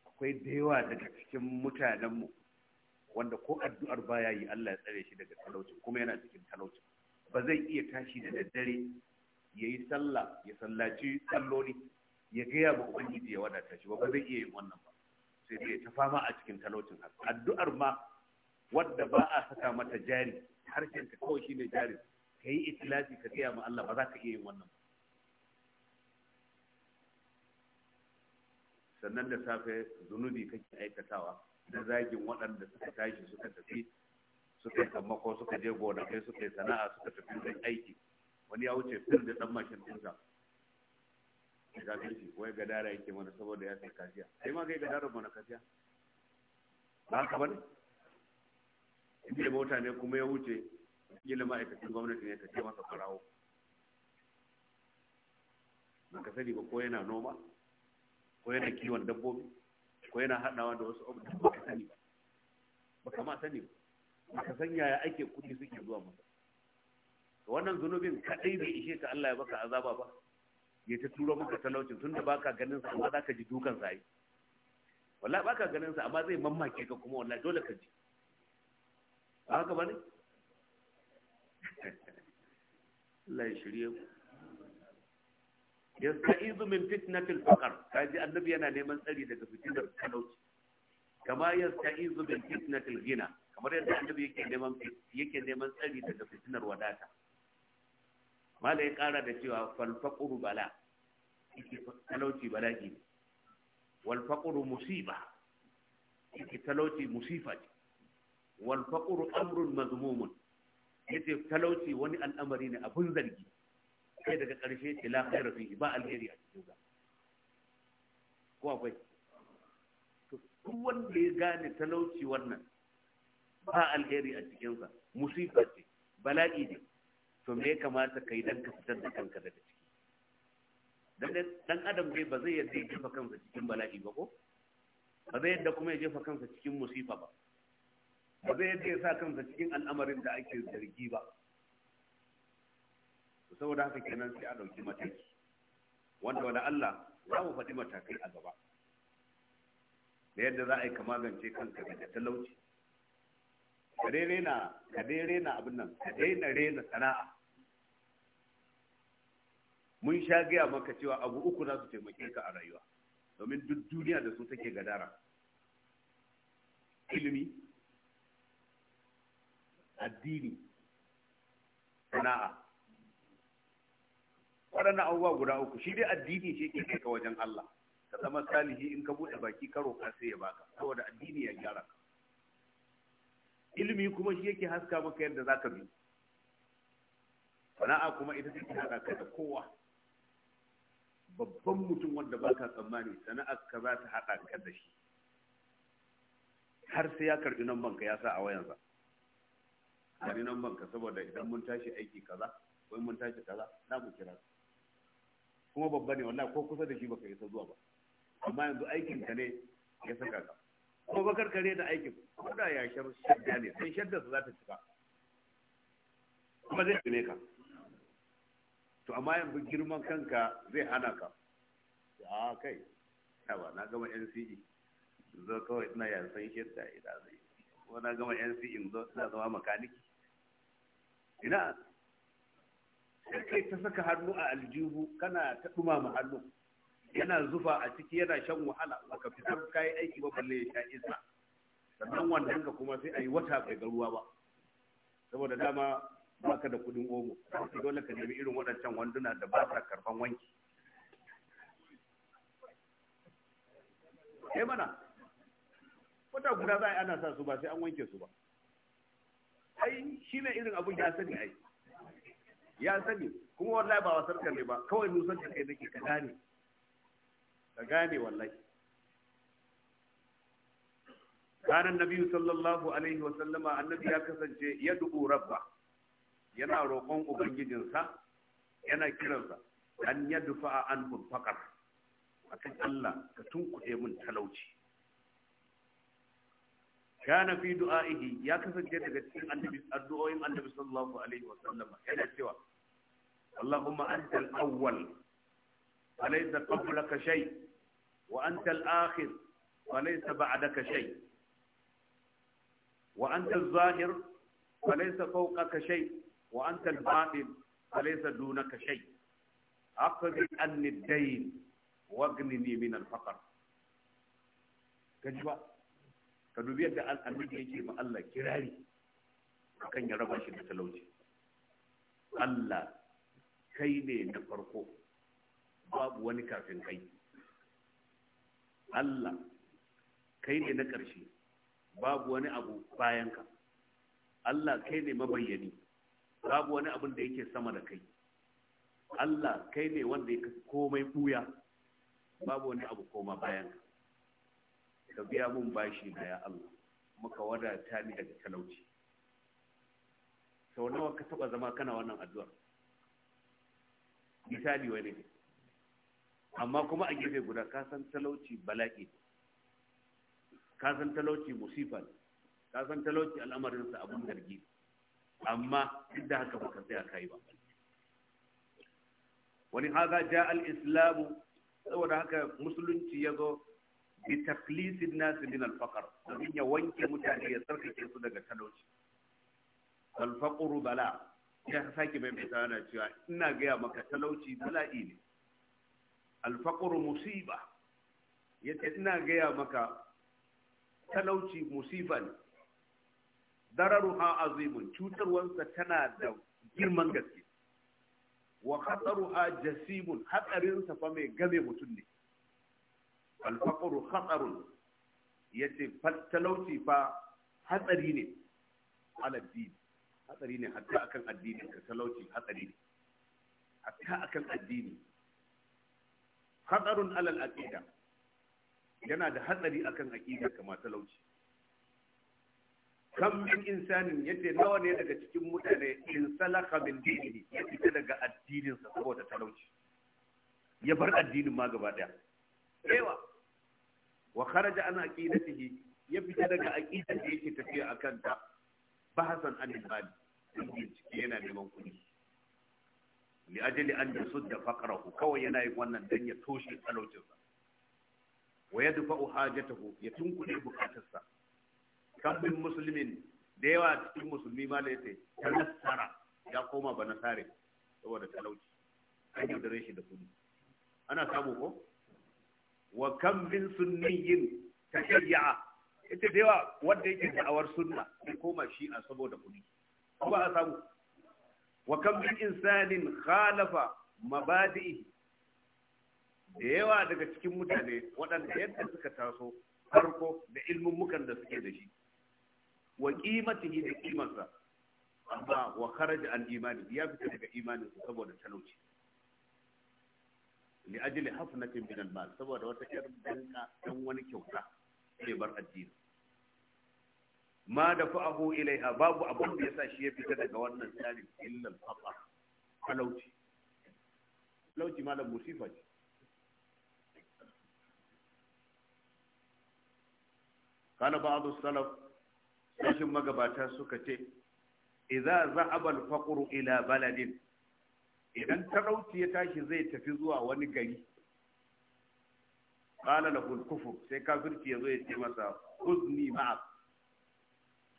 akwai da yawa daga cikin mutanenmu wanda ko addu'ar baya yi Allah ya tsare shi daga talauci kuma yana cikin talauci ba zai iya tashi da daddare ya yi sallah ya sallaci salloli ya gaya ba ubangiji ya wadata shi ba ba zai iya yin wannan ba sai dai ta fama a cikin talaucin addu'ar ma wadda ba a saka mata jari harshen ka kawai shine jari ka yi ikhlasi ka tsaya ma Allah ba za ka iya yin wannan sannan da safe zunubi kake aikatawa da zagin waɗanda suka tashi suka tafi suka yi sammako suka je kai suka yi sana'a suka tafi wurin aiki wani ya wuce fil da dan mashin ɗinsa ya ka shi wai gadara yake mana saboda ya sai kashiya sai ma kai gadara mana kashiya ba haka bane inda mota ne kuma ya wuce kila ma'aikacin gwamnati ne ka ce masa farawo ba ka sani ba ko yana noma ko yana kiwon dabbobi ko yana haɗawa da wasu abubuwa ba ka sani ba ba ka ma sani ba ka san yaya ake kuɗi suke zuwa masa wannan zunubin kaɗai bai ishe ka Allah ya baka azaba ba ya ta turo maka talaucin tun da baka ganin sa amma zaka ji dukan sa yi wallahi baka ganin sa amma zai mamake ka kuma wallahi dole ka ji haka bane Allah ya shirye ku yasta'izu min fitnatil faqr kaji annabi yana neman tsari daga fitinar talauci kama yasta'izu min fitnatil ghina kamar yadda annabi yake neman yake neman tsari daga fitinar wadata mala ya kara da cewa falfaquru bala yake talauci bala'i ne wal faqru musiba yake talauci musifa ce wal faqru amrun mazmumun yace talauci wani al'amari ne abun zargi sai daga ƙarshe ce la khaira fihi ba alheri a cikin sa ko akwai to duk wanda ya gane talauci wannan ba alheri a cikin sa musifa ce bala'i ne to me ya kamata ka yi dan ka fitar da kanka daga ciki dan dan adam bai ba zai yadda ya jefa kansa cikin bala'i ba ko ba zai yadda kuma ya jefa kansa cikin musifa ba ba zai yadda ya sa kansa cikin al'amarin da ake zargi ba saboda haka kenan sai a ɗauki mataki wanda wani Allah za mu faɗi matakai a gaba da yadda za a yi ka magance kanka daga talauci ka dai rena abin nan ka daina rena sana'a mun sha gaya maka cewa abu uku za su taimake ka a rayuwa domin duk duniya da su take gadara ilimi addini sana'a waɗannan abubuwa guda uku shi dai addini shi ke kai ka wajen Allah ka zama salihi in ka buɗe baki karo ka sai ya baka saboda addini ya gyara ilimi kuma shi yake haska maka yadda za ka bi sana'a kuma ita take haɗa ka da kowa babban mutum wanda ba ka tsammani sana'a ka za ta haɗa ka da shi har sai ya karɓi nan banka ya sa a wayansa karɓi nan banka saboda idan mun tashi aiki kaza ko mun tashi kaza na mu kira kuma babba ne wallahi ko kusa da shi baka isa zuwa ba amma yanzu aikin ka ne ya saka ka kuma bakar kare da aikin ko da ya shar shadda ne sai shadda su za ta cika kuma zai tsine ka to amma yanzu girman kanka zai hana ka a kai yawa na gama nce zo kawai ina yansan shadda ina zai ko na gama nce in zo ina zama makaniki ina sai kai ta saka hannu a aljihu kana ta dumama hannu yana zufa a ciki yana shan wahala baka fitar kayi aiki ba balle ya sha Isa. sannan wannan ka kuma sai a yi wata bai ga ruwa ba saboda dama baka da kudin omo dole ka nemi irin waɗancan wanduna da ba sa karban wanki eh mana wata guda za a ana sa su ba sai an wanke su ba ai shi ne irin abun ya sani ai ya sani kuma wallahi ba wasar ne ba kawai nusan da kai nake ka gane ka gane wallahi ranar nabi sallallahu alaihi wasallama annabi ya kasance ya dubu rabba yana roƙon ubangijinsa yana kiransa an ya dufa an faƙar a kan allah ka tunkuɗe mun talauci kana fi du'a'ihi ya kasance daga cikin annabi addu'o'in annabi sallallahu alaihi wasallama yana cewa Allahumma antal awwal alaysa qablaka شيء wa antal akhir falaysa ba'daka shay wa antal zahir falaysa fawqaka shay wa antal batin falaysa dunaka shay aqdi anni ad-dayn wagnini min al-faqr ka dubi yadda annabi yake ma Allah kirari akan ya raba shi da talauci Allah kai ne na farko babu wani kafin kai Allah kai ne na ƙarshe babu wani abu bayanka Allah kai ne mabayyani babu wani abin da yake sama da kai Allah kai ne wanda yake komai buya babu wani abu koma bayanka ka biya mun bashi na ya Allah muka wadata ni daga talauci sau nawa ka taba zama kana wannan addu'ar misali wani ne amma kuma a gefe guda ka san talauci bala'i ka san talauci musifa kasan ka san talauci al'amarinsa abun gargi amma duk da haka baka tsaya kai ba wani haka ja al saboda haka musulunci ya zo bi taklisin nasu min alfakar domin ya wanke mutane ya tsarkake su daga talauci alfaqru bala ya sake mai mai tsana cewa ina gaya maka talauci bala'i ne alfaqru musiba yace ina gaya maka talauci musiba ne dararuha azimun cutarwansa tana da girman gaske wa hatsaru khataruha jasimun hatsarinsa fa mai game mutum ne alfaqru khatarun yace talauci fa hatsari ne ala din hatsari ne hatta akan addini ka talauci hatsari ne hatta akan addini hadarun alal aqida yana da hatsari akan aqida kamar talauci kam min insanin yace nawa ne daga cikin mutane in salaka min dinihi ya fita daga addinin sa saboda talauci ya bar addinin ma gaba daya ewa wa kharaja an aqidatihi ya fita daga aqidar da yake tafiya akan ta bahasan an ibadi yana neman kuɗi li ajli an yasudda faqrahu kawai yana yin wannan dan ya toshe talaucinsa wa yadfa'u hajatahu ya tunkuɗe bukatarsa bin musulmin da yawa cikin musulmi ma da yace tanassara ya koma banasare saboda talauci an yaudare shi da kudi ana samu ko wa kam bin sunniyin tashayya ita da yawa wanda yake da'awar sunna ya koma shi a saboda kudi ko ba a samu wa kam insanin khalafa mabadi'i da yawa daga cikin mutane waɗanda yadda suka taso farko da ilmummukan da suke da shi wa qimatihi da kimansa amma wa kharaja an imani ya fita daga imanin su saboda talauci li ajli hafnatin min al mal saboda wata yar danka dan wani kyauta sai bar addini ma da fa'ahu ilaiha babu abin da yasa shi ya fita daga wannan tsarin illal faqa talauci talauci malam musifa ce قال بعض salaf sashin magabata suka ce idza za'aba al-faqru ila baladin idan talauci ya tashi zai tafi zuwa wani gari qala lahu al-kufr sai kafirci yazo ya ce masa uzni ma'a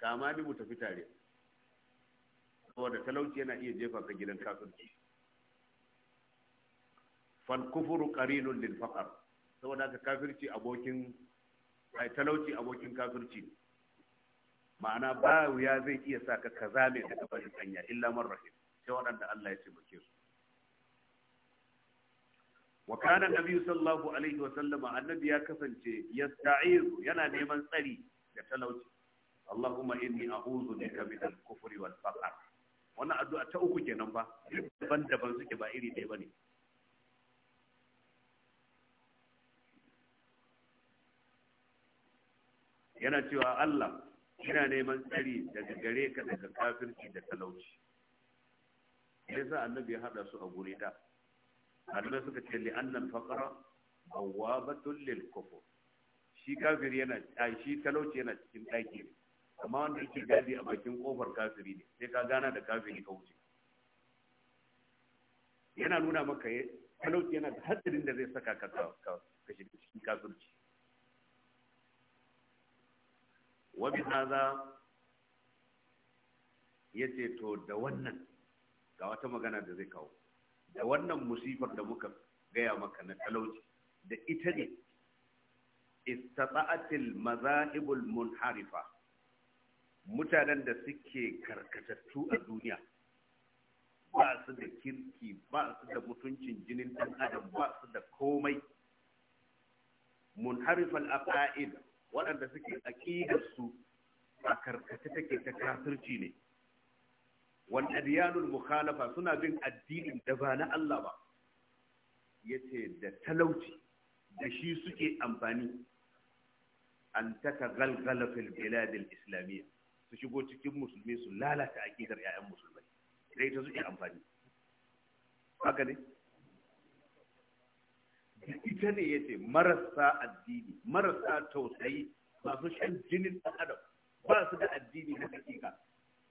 kama mu tafi tare saboda talauci yana iya jefa ka gidan kafirci fal kufuru qarinun lil faqr saboda ka kafirci abokin ai talauci abokin kafirci ma'ana ba ya zai iya sa ka kaza mai daga barin hanya illa man rahim sai wadanda Allah ya taimake su wa kana nabiyyu sallallahu alaihi wa sallama annabi ya kasance yasta'izu yana neman tsari da talauci Allahumma inni a'udhu bika min al-kufri wal faqr wannan addu'a ta uku kenan ba daban-daban suke ba iri ɗaya bane yana cewa Allah ina neman tsari daga gare ka daga kafirci da talauci Sai sa annabi ya hada su a guri da annabi suka ce li annal faqra bawabatun lil kufur shi kafir yana shi talauci yana cikin daki ne amma wanda yake gadi a bakin kofar kafiri ne sai ka gana da kafiri ka wuce yana nuna maka talauci yana da hadirin da zai saka ka kashe cikin kafirci wa za ya ce to da wannan ga wata magana da zai kawo da wannan musifar da muka gaya maka na talauci da ita ne istata'atil mazahibul munharifa mutanen da suke karkatattu a duniya ba su da kirki ba su da mutuncin jinin ɗan adam ba su da komai munharifal aqaid waɗanda suke aqidar a karkata take ta kafirci ne wal adyanul mukhalafa suna bin addinin da ba na Allah ba yace da talauci da shi suke amfani an taka galgala fil islamiyya su shigo cikin musulmi su lalata aƙidar 'ya'yan musulmai idan ita suke amfani haka ne ita ne ya ce marasa addini marasa tausayi masu shan jinin ɗan adam ba su da addini na hakika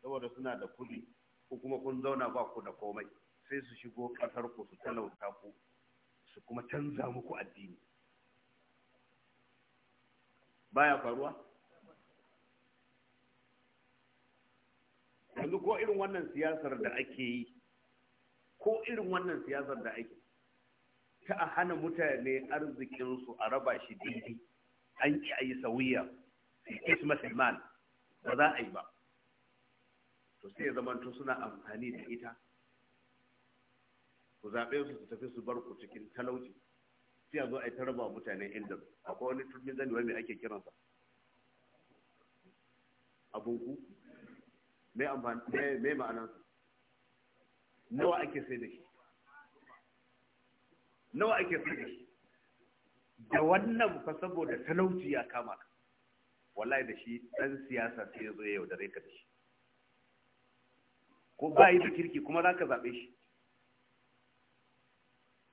saboda suna da kuɗi ko kuma kun zauna ba ku da komai sai su shigo ƙasar ku su talauta ku su kuma canza muku addini baya faruwa yanzu ko irin wannan siyasar da ake yi ko irin wannan siyasar da ake ta a hana mutane arzikinsu a raba shi daidai an ki a yi sauya ismat iman ba za a yi ba to sai ya zamanto suna amfani da ita ku zaɓe su su tafi su bar ku cikin talauci sai a zo a yi ta raba mutane inda akwai wani turmi zani wani ake kiransa abunku mai amfani ma'ana ma'anar nawa ake sai da shi nawa ake sai da shi da wannan fa saboda talauci ya kama ka wallahi da shi dan siyasa sai zo yau da ka da shi ko ba yi da kirki kuma za ka zaɓe shi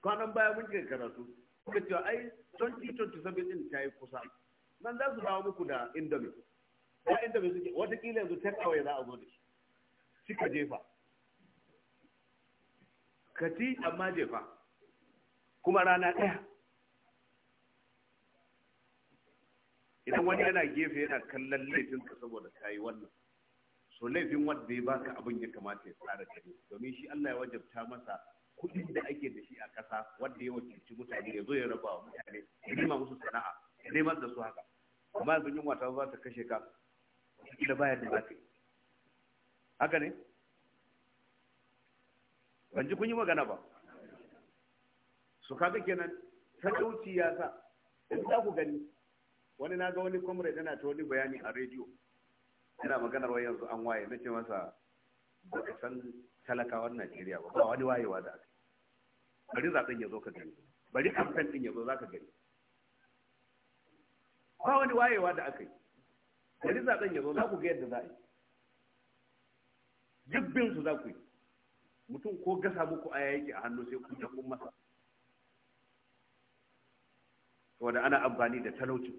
kwanan baya mun kai karatu kuka cewa ai 2027 din ta yi kusa nan za su dawo muku da indomie ya'yan da ta za a zo da shi shi jefa ka amma jefa kuma rana ɗaya idan wani yana gefe yana kallon laifinka saboda ka yi wannan so laifin wanda ya baka abin ya kamata ya tsara ne domin shi Allah ya wajabta masa kuɗin da ake da shi a ƙasa wanda ya wakilci mutane ya zo ya raba wa mutane ya nema musu sana'a ya neman da su haka amma yanzu yunwa ta za ta kashe ka da yi haka ne ban ji kun yi magana ba su kaga kenan talauci ya sa in za ku gani wani na ga wani comrade yana ta wani bayani a rediyo yana maganar wayan yanzu an waye na ce masa ba ka san talakawar najeriya ba ba wani wayewa da aka bari zaɓen ya zo ka gani bari kamfen ɗin ya zo za ka gani ba wani wayewa da aka yi bari zaben ya zo za ku ga yadda za a yi duk su za ku yi mutum ko gasa muku a yake a hannu sai kun kun masa wanda ana amfani da talaucin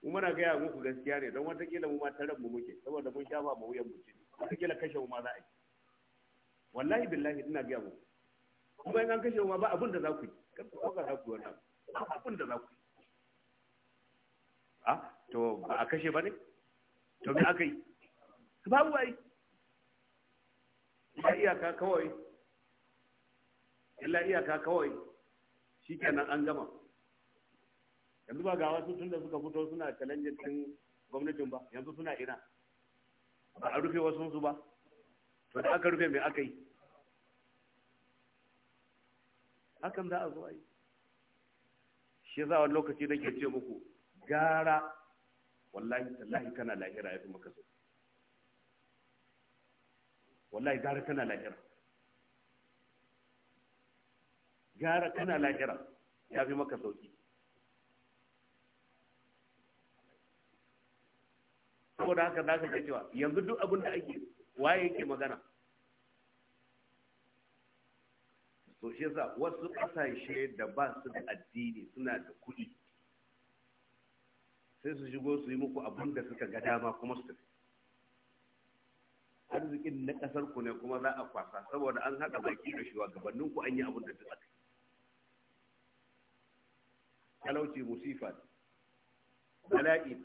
Kuma na gaya muku gaskiya ne don watakila mu ma taran mu muke saboda mun shafa mu wuyan mutum watakila kashe mu ma za a yi wallahi billahi ina gaya muku kuma in an kashe mu ma ba abin da za ku yi kar ku ɗauka za ku yi wannan abin da za ku yi a to ba a kashe ba ne to me aka yi babu ai illa iyaka kawai illa iyaka kawai Shi kenan an gama yanzu ba ga wasu tun da suka fito suna challenge din gwamnatin ba yanzu suna ina ba a rufe wasu su ba to da aka rufe me aka yi hakan za a zo a yi shi za a wani lokaci nake ce muku gara wallahi tallahi kana lahira ya fi maka sauki wallahi gara kana lahira gara kana lahira ya fi maka sauki saboda haka za ka cewa yanzu duk abin da ake waye yake magana to shi yasa wasu ƙasashe da ba su da addini suna da kuɗi sai su shigo su yi muku abin da suka ga dama kuma su tafi arzikin na kasar ku ne kuma za a kwasa saboda an haɗa baki da shiwa gabanin ku an yi abin da duk talauci musifa bala'i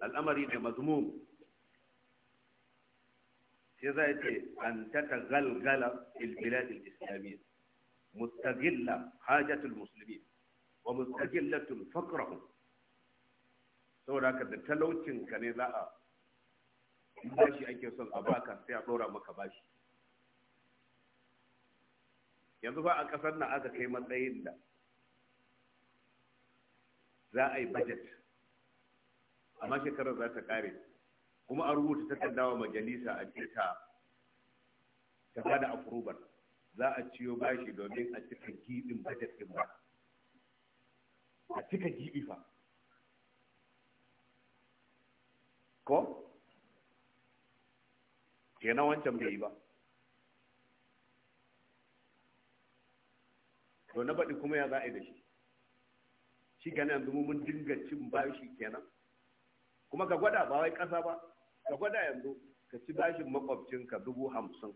al'amari da mazmum sai za ce an tata galgala ilbilad islamiyya mustagilla hajatul muslimin wa mustagillatul fakrahum saboda haka da talaucin ka ne za a bashi ake son a baka sai a ɗora maka bashi yanzu ba a ƙasar nan aka kai matsayin da za a yi budget amma shekarar za ta kare kuma a rubuta takarda wa majalisa a ce ta ta da approval za a ciyo bashi domin a cika giɗin budget din ba a cika giɗi fa ko kenan wancan bai yi ba to na baɗi kuma ya za a yi da shi shi kenan yanzu mun dinga cin bashi kenan kuma ka gwada ba wai ƙasa ba ka gwada yanzu ka ci bashin makwabcinka dubu hamsin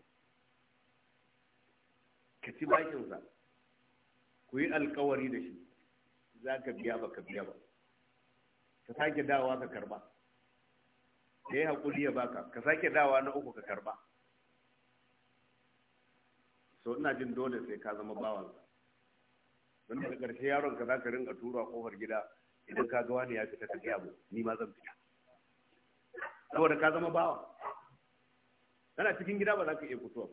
ka ci bashinsa ku yi alkawari da shi za ka biya ba ka biya ba ka sake dawa ka karba da ya haƙuri ya baka ka sake dawa na uku ka karba so ina jin dole sai ka zama bawansa don da ƙarshe yaron ka za ka ringa tura ƙofar gida idan ka ga wani ya fita ka gaya mu ni ma zan fita saboda ka zama bawa kana cikin gida ba za ka iya to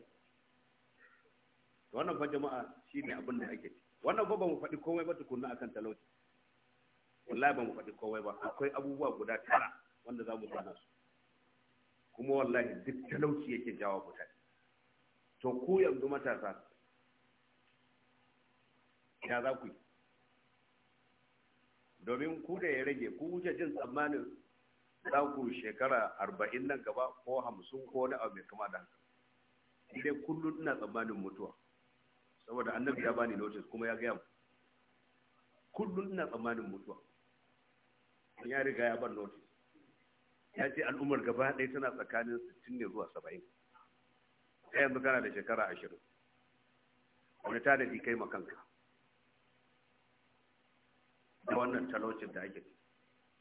wannan fa jama'a shine abin da ake wannan fa ba mu faɗi komai ba tukunna akan talauci wallahi ba mu faɗi komai ba akwai abubuwa guda tara wanda za mu gana su kuma wallahi duk talauci yake jawo mutane to ku yanzu matasa ya za ku yi domin ku da ya rage ku wuce jin tsammanin za ku shekara arba'in nan gaba ko hamsin ko wani abu mai kama da haka dai kullum ina tsammanin mutuwa saboda annabi ya bani notice kuma ya gaya mu kullum ina tsammanin mutuwa ya riga ya ban notice ya ce al'ummar gaba ɗaya tana tsakanin 60 ne zuwa 70 ta yanzu kana da shekara 20 wani ta da kai makanka da wannan talaucin da ake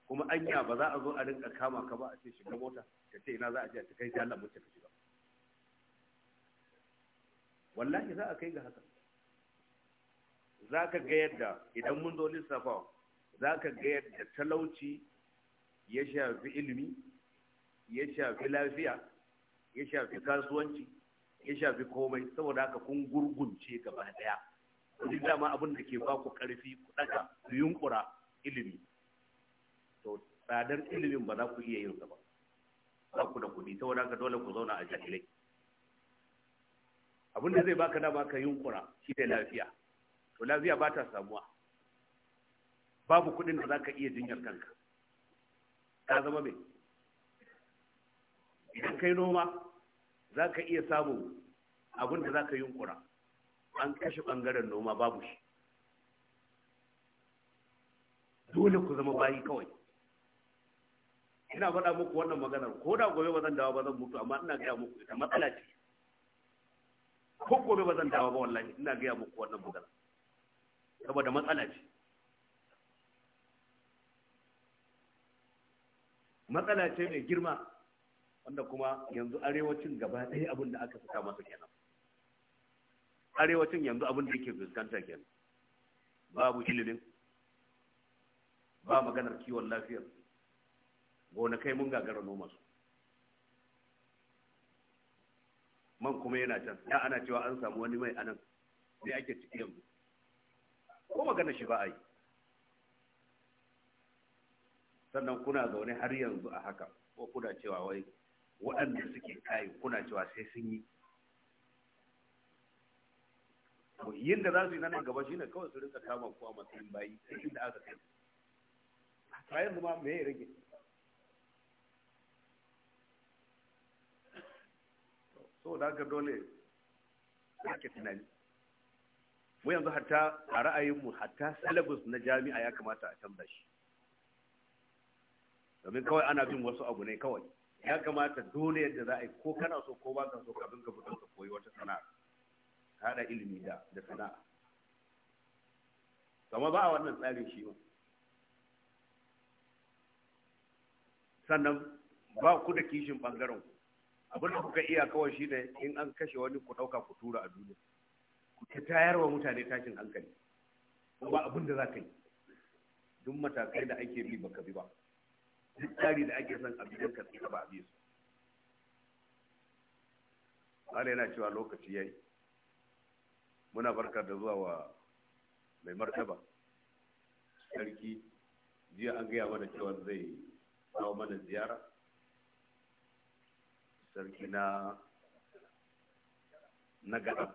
kuma anya ba za a zo a rinka kama ka ba a ce shiga mota ka ce ina za a je a ta kai jalla mace ka shiga wallahi za a kai ga haka za ka ga yadda idan mun zo lissafawa za ka ga yadda talauci ya shafi ilimi ya shafi lafiya ya shafi kasuwanci ya shafi komai saboda haka kun gurgunce gaba daya duk dama abin da ke baku karfi ku daga ku yunkura ilimi to tsadar ilimin ba za ku iya yin sa ba ba ku da kuɗi saboda haka dole ku zauna a jahilai abin da zai baka dama ka yunkura shi ne lafiya to lafiya ba ta samuwa babu kuɗin da za ka iya jinyar kanka ka zama mai idan kai noma za ka iya samun abin da za ka yunkura an kashe ɓangaren noma babu shi dole ku zama bayi kawai ina faɗa muku wannan maganar ko da gobe ba zan dawo ba zan mutu amma ina gaya muku ita matsala ce ko gobe ba zan dawo ba wallahi ina gaya muku wannan maganar saboda matsala ce matsala ce mai girma wanda kuma yanzu arewacin gaba ɗaya abin da aka saka masa kenan arewacin yanzu abin da yake fuskanta kenan babu ilimin ba maganar kiwon lafiya kai mun gagara noma su man kuma yana can ya ana cewa an samu wani mai anan sai ake ciki yanzu ko magana shi ba a yi sannan kuna zaune har yanzu a haka ko kuna cewa wai waɗanda suke kayi kuna cewa sai sun yi yin da za su yi nan gaba shi ne kawai su rinka kama kuwa matsayin bayi sai inda aka kai bayan zuma me ya rage so da haka dole ake tunani mu yanzu hatta a ra'ayinmu hatta syllabus na jami'a ya kamata a canza shi domin kawai ana bin wasu abu ne kawai ya kamata dole yadda za a yi ko kana so ko ba ka so kafin ka fito ka koyi wata sana'a ka haɗa ilimi da da sana'a kama ba a wannan tsarin shi ba sannan ba ku da kishin bangaren ku abin da kuka iya kawai shi ne in an kashe wani ku ɗauka ku tura a duniya ku ta tayarwa mutane tashin hankali ba abin da za ka yi duk matakai da ake bi baka bi ba duk da ake son a bidan karfi ba a su. hala yana cewa lokaci ya yi. muna barka da zuwa wa mai martaba sarki jiya an gaya mana cewa zai kawo mana ziyara sarki na na gaɗa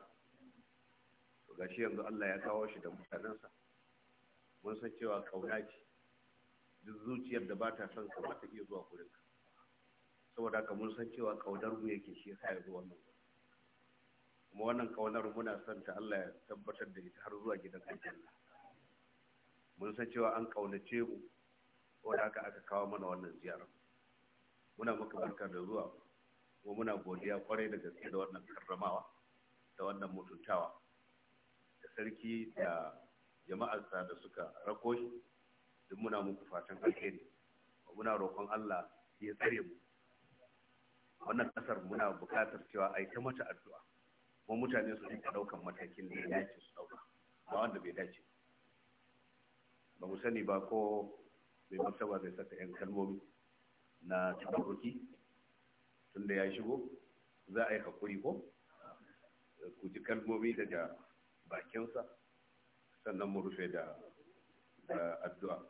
gashi yanzu allah ya kawo shi da mutanensa mun san cewa kauna ce duk zuciyar da ba ta son ka ba ta iya zuwa gurin ka saboda ka mun san cewa kaunar mu yake shi yasa ya zo wannan kuma wannan kaunar muna son ta Allah ya tabbatar da ita har zuwa gidan aljanna mun san cewa an kaunace mu saboda haka aka kawo mana wannan ziyara muna maka barka da zuwa kuma muna godiya kwarai da gaske da wannan karramawa da wannan mutuntawa da sarki da jama'arsa da suka rako shi duk muna muku fatan alheri muna roƙon Allah ya tsare mu wannan kasar muna buƙatar cewa a yi ta mata addu'a kuma mutane su rinka ɗaukan matakin da ya dace su ɗauka ba wanda bai dace ba mu sani ba ko mai martaba zai saka yan kalmomi na tabarruki tunda ya shigo za a yi hakuri ko ku ji kalmomi daga bakinsa sannan mu rufe da addu'a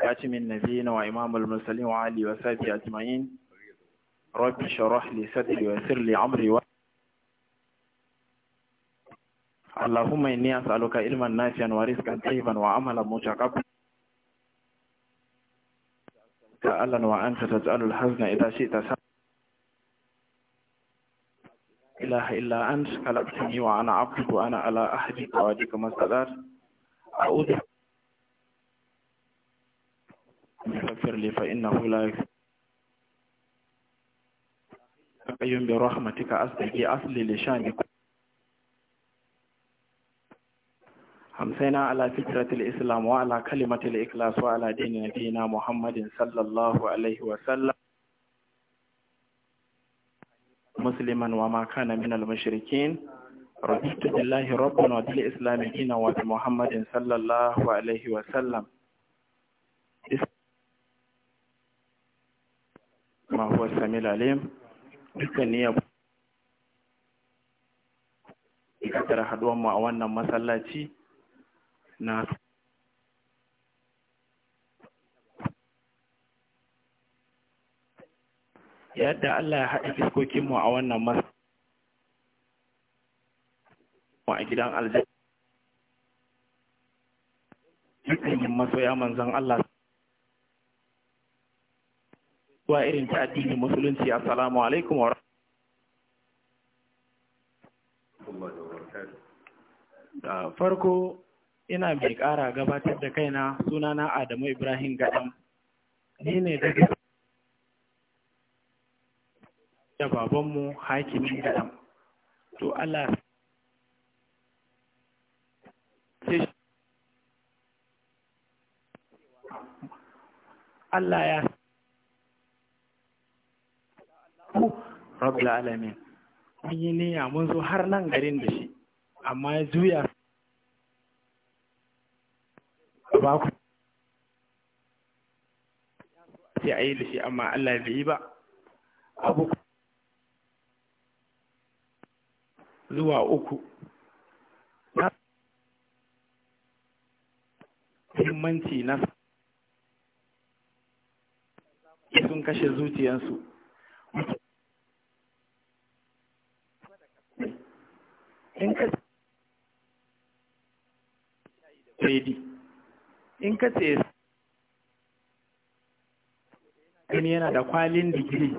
خاتم النبيين وإمام المرسلين وعلي وصحبه أجمعين رب اشرح لي صدري ويسر لي أمري و... اللهم إني أسألك علما نافعا ورزقا طيبا وعملا متقبلا سألا وأنت تسأل الحزن إذا شئت سا... إله إلا أنت خلقتني وأنا عبدك وأنا على أحدك وعدك ما استدار أعوذ يغفر لي فإنه لا يغفر أيوم برحمتك أستحي أصلي لشانك همسينا على فكرة الإسلام وعلى كلمة الإخلاص وعلى دين نبينا محمد صلى الله عليه وسلم مسلما وما كان من المشركين رضيت بالله ربا وبالإسلام دينا وبمحمد صلى الله عليه وسلم ma huwa samil alim dukkan niyya kasar haduwar mu a wannan masallaci na yadda Allah ya haɗa fiskokin a wannan masallaci a gidan aljanna dukkanin masoya manzan Allah wa irin ta addinin musulunci assalamu alaikum wa farko ina mai ƙara gabatar da kaina sunana Adamu Ibrahim Gadam ni ne daga da babanmu hakimin Gadam to Allah Allah ya ku rabbul alamin mun yi niyya mun zo har nan garin da shi amma ya juya ba ku sai a yi da shi amma Allah bai yi ba abu zuwa uku muhimmanci na sun kashe zuciyansu in ka in ka yana da kwalin digiri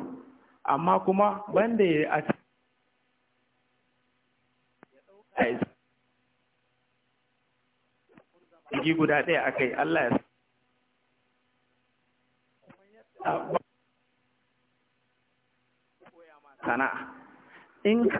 amma kuma banda ya a Digi guda ɗaya a kai Allah ya sana'a. In ka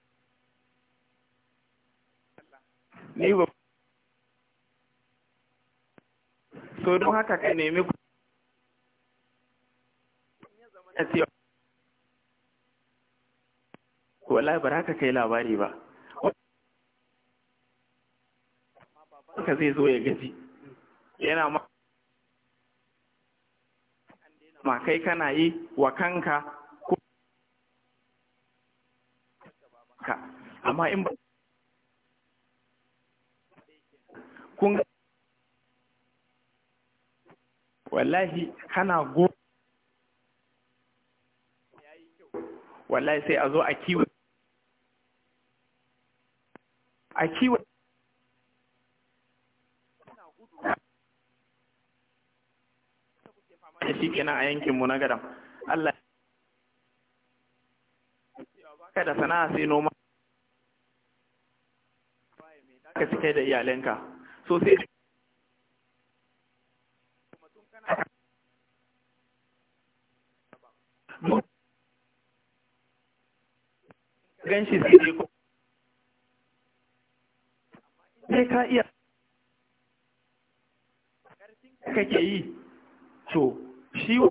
ni ba so don haka ka nemi ku wala ba haka kai labari ba ka zai zo ya gaji yana ma ma kai kana yi wa kanka ko amma in ba kun wallahi kana go wallahi sai a zo a kiwo a kiwo da shi kenan a yankinmu na gadam Allah baka da sana'a sai noma ka cike da iyalanka so sai mutum kana gan shi sai ko sai ka iya kake yi to shi wa.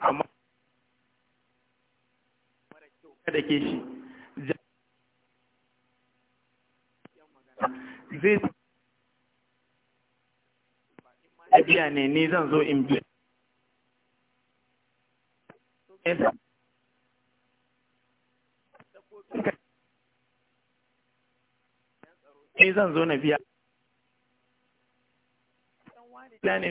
amma mara kyau kada ke shi zai ne ni zan zo in biya ni zan zo na biya ne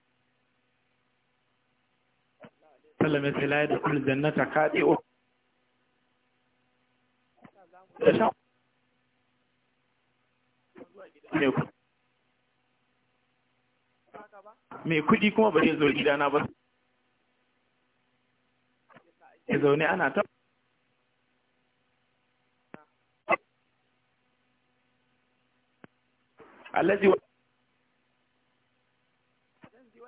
sallame ya ce la da kullu jannata kadi'u da shan mai kudi kuma ba zai zo gidana ba ya zaune ana ta allazi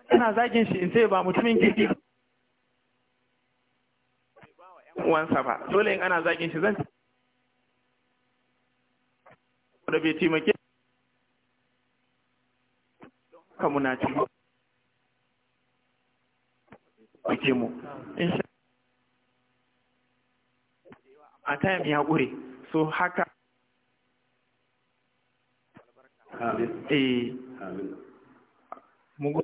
yana zagin shi in sai ba mutumin kirki uwansa ba dole in ana zagin shi zan da bai taimake mu a ta ƙure so haka eh. mugu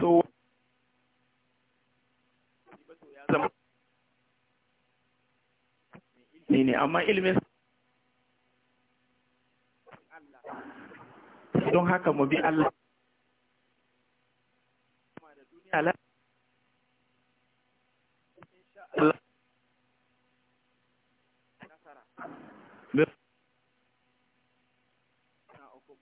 so ya zama ne ne amma ilimin don haka mu bi Allah Allah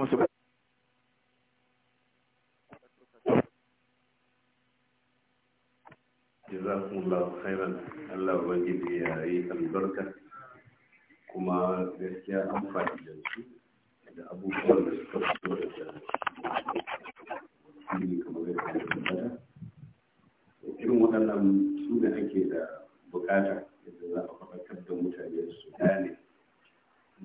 musu ba jazakumullahu khairan Allah ya yi albarka kuma gaskiya an faɗi da su da abubuwan da suka fito da shi irin waɗannan su ne ake da bukata yadda za a faɗakar da mutane su gane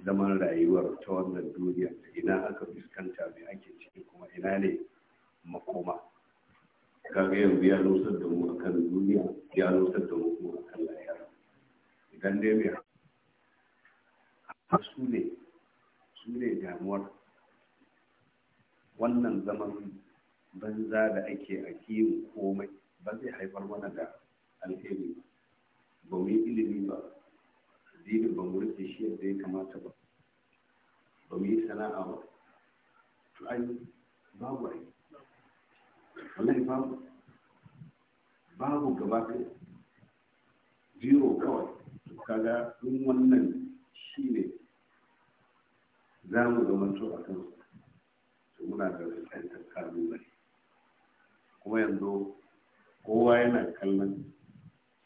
zaman rayuwar ta wannan duniya ina aka fuskanta mai ake ciki kuma ina ne makoma kaga yanzu ya nusar da mu kan duniya ya nusar da mu kuma kan layar idan dai mai su ne su ne damuwar wannan zaman banza da ake a kiwo komai ba zai haifar mana da alheri ba mu yi ilimi ba zibin ban mu shi yadda ya kamata ba ba mu yi sana'a ba to ai babu ai wallahi babu babu gaba ɗaya zero kawai to kaga in wannan shi ne za mu zamanto a kan To muna da fuskantar kalubale kuma yanzu kowa yana kallon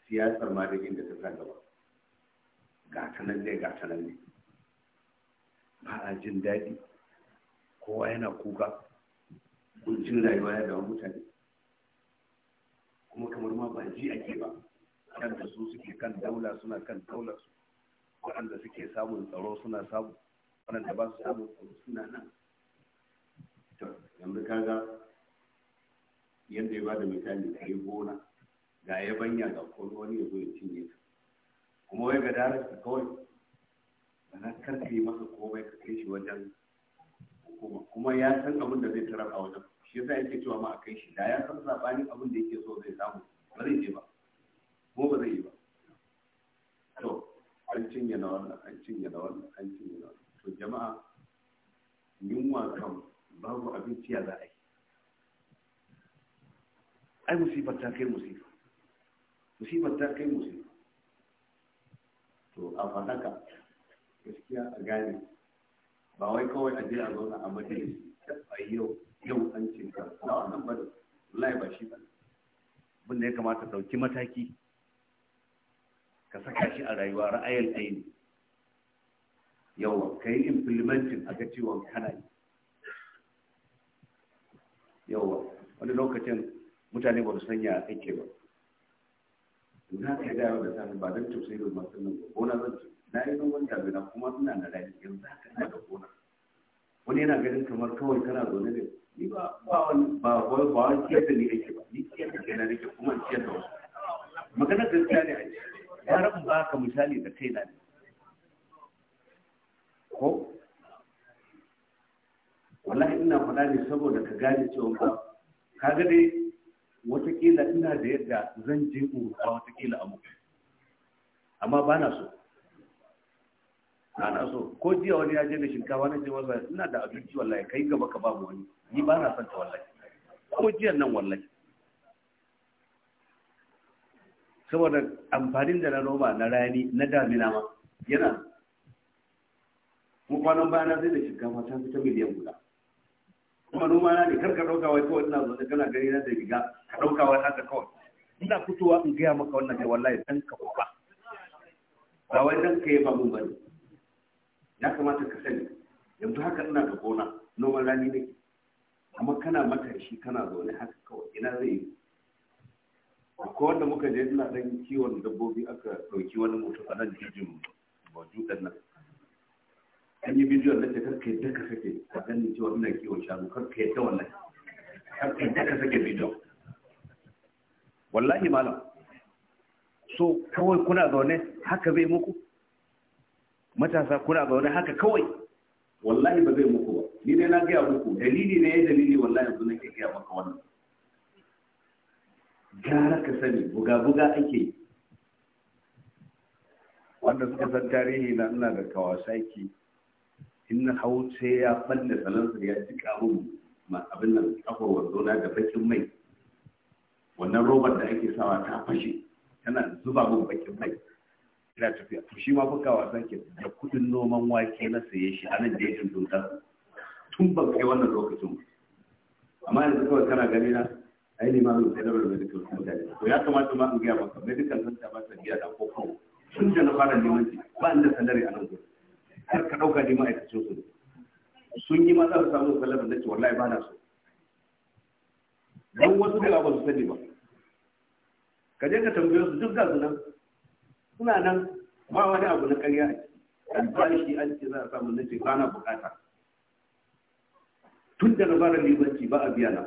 siyasar ma da inda ta sa gaba gata nan ne gata nan ne ba a jin daɗi kowa yana kuka kuncin rayuwa ya dawo mutane kuma kamar ma ba ji ake ba waɗanda su suke kan daula suna kan daula su waɗanda suke samun tsaro suna samu waɗanda ba su samun tsaro suna nan to yanzu kaga yadda ya bada misali ka yi gona ga yabanya ga kwallo wani ya zo ya cinye ta kuma wai ga darasa kawai sannan ka yi masa komai ka kai shi wajen hukuma kuma ya san abin da zai tarar a wajen shi yasa yake cewa ma a kai shi da ya san sabanin abin da yake so zai samu ba zai je ba ko ba zai yi ba to an cinye na wannan an cinye na wannan an cinye na wannan to jama'a yunwa kan babu abinci ya za a yi ai musibar ta kai musifa musibar ta kai musifa to a fahaka gaskiya a gane ba wai kawai a je a zauna a majalis a yau yau an ce ka wannan ba wallahi ba shi ba ya kamata ɗauki mataki ka saka shi a rayuwa ra'ayin aini yawa ka yi implementing a ga ciwon kana yawa wani lokacin mutane ba su sanya ake ba to na kai da yawa da sani ba don tausayi da masu nan gona zan ci na yi noman damina kuma suna na rani yanzu haka ina da gona wani yana ganin kamar kawai kana zaune ne. ni ba ba wani ba wai ba wani ciyar da ni ake ba ni ciyar da kaina nake kuma ciyar da wasu magana gaskiya ne a ce yaran ba ka misali da kaina ne ko wallahi ina faɗa ne saboda ka gane cewa ka, kaga dai watakila ina da yadda zan je in rufa watakila a muku amma ba na so ba na so ko jiya wani ya je da shinkawa na je wallahi ina da abinci wallahi kai gaba ka ba mu wani ni ba na son ta wallahi ko jiya nan wallahi saboda amfanin da na noma na rani na damina ma yana mu kwanan bayan na zai da shinkafa ta fita miliyan guda kuma noma na ne kar ka ɗauka wai kawai ina zaune kana gani na da riga ka ɗauka wai haka kawai ina fitowa in gaya maka wannan kai wallahi dan ka ba ba wai dan ka yi ba mun bane ya kamata ka sani yanzu haka ina da gona noman rani ne amma kana matashi kana zaune haka kawai ina zai yi akwai wanda muka je ina dan kiwon dabbobi aka ɗauki wani mutum a nan jijin bajudan nan an yi bidiyon da ta karka yadda ka sake a ganin cewa ina kiwon shanu karka yadda wannan karka yadda ka sake bidiyon wallahi malam so kawai kuna zaune haka zai muku matasa kuna zaune haka kawai wallahi ba zai muku ba ni dai na gaya muku dalili ne ya dalili wallahi yanzu nake gaya maka wannan gara ka sani buga-buga ake yi wanda suka san tarihi na ina da kawasaki in na hau ya balle salansa ya jika ma abin nan kafar wandona da bakin mai wannan robar da ake sawa ta fashe tana zuba mun bakin mai ina tafiya to shi ma fuka wasan ke da kudin noman wake na saye shi a nan da yake dunta tun ban kai wannan lokacin amma yanzu kawai kana gani na ai ne ma zan sai da medical mutane to ya kamata ma in gaya maka medical center ba ta biya da ko kawo tun da na fara neman ba ni da sanari a nan gobe kar ka ɗauka ne ma'aikacin su sun yi maza su samu salama na ce wallahi ba na so don wasu da ba su sani ba ka je ka tambaye su duk gasu nan suna nan ba wani abu na karya a ciki an shi an ce za a samu na ce ba na bukata tun da na fara limanci ba a biya na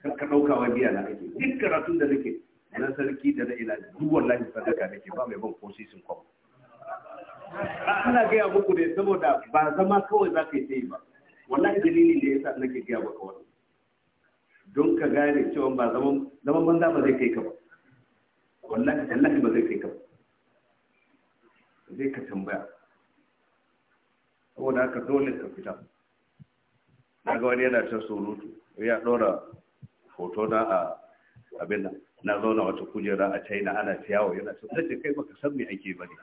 kar ka ɗauka wa biya na ake duk karatun da nake na sarki da na ila duk wallahi sadaka nake ba mai ban ko sisin ana gaya muku ne saboda ba zama kawai za ka yi ta yi ba wallahi dalili da yasa nake gaya maka wannan don ka gane cewa ba zaman banza ba zai kai ka ba wallahi tallahi ba zai kai ka ba zai ka tambaya saboda haka dole ka fita na ga wani yana ta surutu ya ɗora hoto na a abin nan na zauna wata kujera a china ana ta yawo yana ta nace kai baka san me ake bane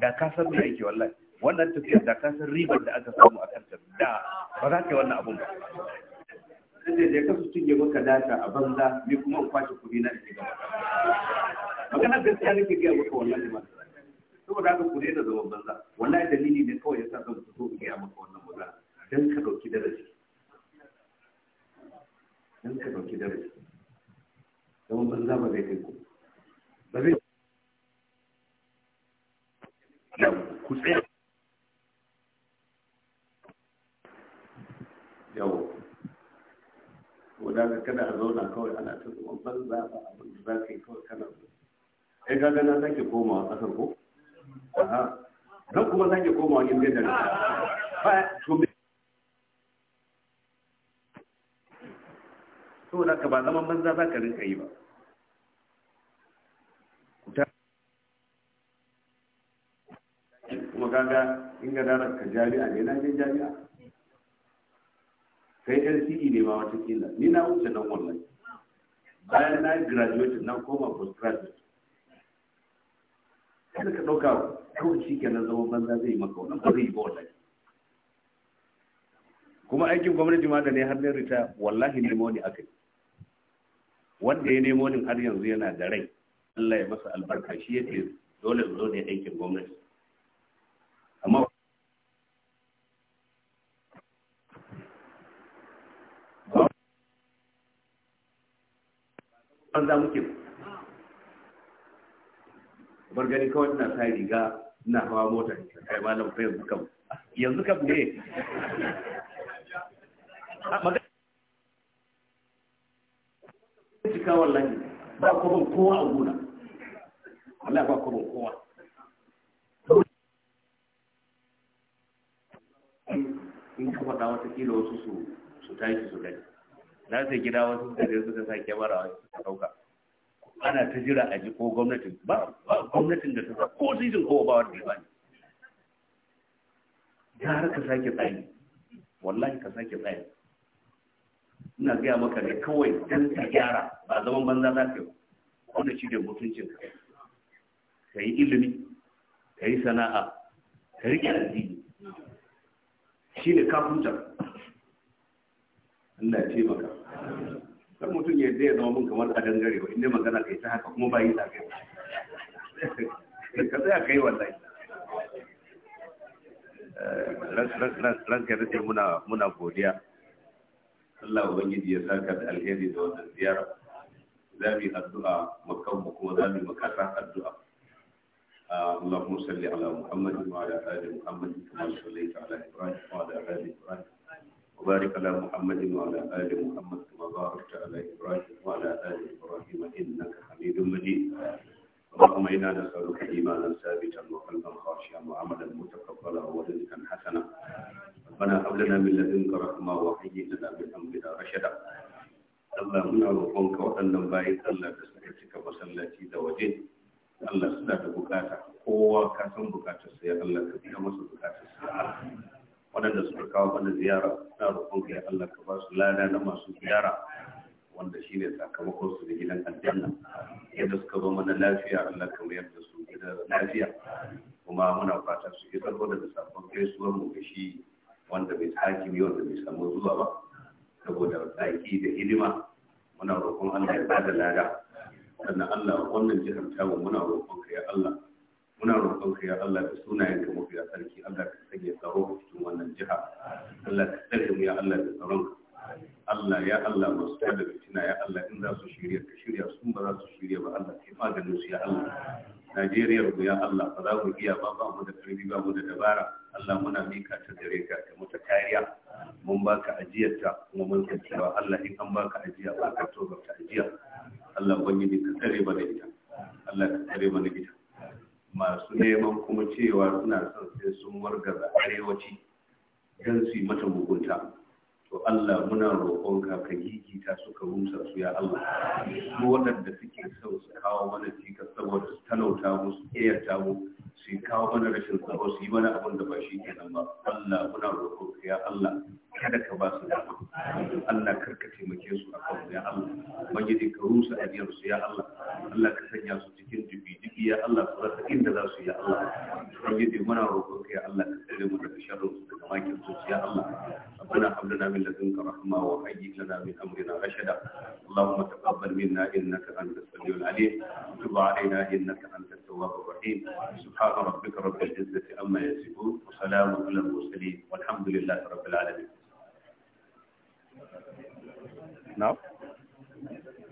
da ka san me ake wallahi wannan tafiyar da ka san ribar da aka samu a kanta da ba za ka yi wannan abun ba sai da ka su cinye maka data a banza ni kuma in kwace kuɗi na ke gaba magana gaskiya ke ga maka wannan ne saboda haka ku daina zaman banza wallahi dalili ne kawai yasa zan fito in ga maka wannan magana dan ka dauki darasi dan ka dauki darasi don banza ba zai kai ku ba zai ku tsaya yawo ko da ka kada a zauna kawai ana ta zuwan banza ba abin da za ka yi kawai kana zuwa ai ga na sake komawa kasar ko aha zan kuma sake komawa in dai da ba to saboda ka ba zaman banza za ka rinka yi ba kuma kaga in ga dara ka jami'a ne na je jami'a kai siki e ne ma kila ni na wuce nan wallahi bayan na graduate na koma postgraduate kada ka ɗauka kawai shi nan zaman banza zai yi maka wannan ba zai yi ba wallahi kuma aikin gwamnati ma da ne har ne rita wallahi ne ma wani aka yi wanda ya nemo ni har yanzu yana da rai Allah ya masa albarka shi yake dole zo ne aikin gwamnati amma an za muke bar gani kawai ina sa riga ina hawa mota kai malam fa yanzu kam yanzu kam ne cika wallahi ba kwabin kowa a gona wallahi ba kwabin kowa in ka faɗa wata kila wasu su su tashi su gani na sai gida wasu da zai suka sa kyamara wasu su ɗauka ana ta jira a ji ko gwamnatin ba gwamnatin da ta sa ko su yi kowa ba wani ya bani ya har ka sake tsaye, wallahi ka sake tsaye. ina gaya maka ne kawai dan ka gyara ba zaman banza za ka yi wanda shi da mutuncin ka ka yi ilimi ka yi sana'a ka rike addini shi ne kafinta Allah ya ce maka kan mutum ya zai zama mun kamar a dangare ba inda magana ka yi ta haka kuma ba yi kai ka tsaya ka yi wallahi eh, ranka da muna godiya Allah ubangiji ya saka da alheri da wannan ziyara za mu yi addu'a makan mu kuma za mu yi makasa addu'a اللهم صل على محمد وعلى ال محمد كما صليت على ابراهيم وعلى ال ابراهيم وبارك على محمد وعلى ال محمد كما باركت على ابراهيم وعلى ال ابراهيم انك حميد مجيد اللهم انا نسالك ايمانا ثابتا وقلبا خاشعا وعملا متقبلا ورزقا حسنا ربنا هب لنا من لدنك رحمة وهيئ لنا من أمرنا رشدا الله منا roƙonka waɗannan bayan Allah da suka cika masallaci da waje Allah suna da bukata kowa ka san bukatarsa ya Allah suka kawo mana ziyara na roƙonka ya Allah ka ba su lada na masu ziyara wanda shi ne sakamakon su da gidan aljanna yadda suka zo mana lafiya Allah ka mayar da su gida lafiya kuma muna fata su isar da sakon gaisuwar mu shi wanda bai hakimi wanda bai samu zuwa ba saboda tsaki da hidima muna roƙon Allah ya bada lada sannan Allah wannan jihar ta tamu muna roƙon ka ya Allah muna roƙon ka ya Allah da sunayen ka mafi sarki Allah ka sanya tsaro a cikin wannan jiha Allah ka tsare mu ya Allah da tsaron ka Allah ya Allah masu tada fitina ya Allah in za su shirya ka shirya sun ba za su shirya ba Allah kai maganin su ya Allah Najeriya mu ya Allah ba za mu iya ba ba mu da karfi ba mu da dabara Allah muna mika ta gare ka ta mata kariya mun baka ajiyarta kuma mun san cewa Allah in an baka ajiya ba ka to ba ta ajiya Allah ubangiji ka tare mana ita Allah ka tare mana ita masu neman kuma cewa suna son sai sun wargaza arewaci dan su yi mata mugunta to Allah muna roƙonka ka gigita su ka rusa su ya Allah su waɗanda suke son su kawo mana cikas saboda su talauta mu su ƙeyarta mu su kawo mana rashin tsaro su yi mana abin da ba shi kenan ba Allah muna roƙonka ya Allah kada ka ba su dama Allah karka taimake su a kan ya Allah ubangiji ka rusa ajiyar su ya Allah Allah ka sanya su cikin dubi dubi ya Allah su rasa inda za su ya Allah ubangiji muna roƙon ka ya Allah ka tsare mu daga sharrin su daga makin su ya Allah ربنا هب لنا من لدنك رحمة وهيئ لنا من أمرنا رشدا اللهم تقبل منا إنك أنت السميع العليم وتب علينا إنك أنت التواب الرحيم سبحان ربك رب العزة عما يصفون وسلام على المرسلين والحمد لله رب العالمين Na.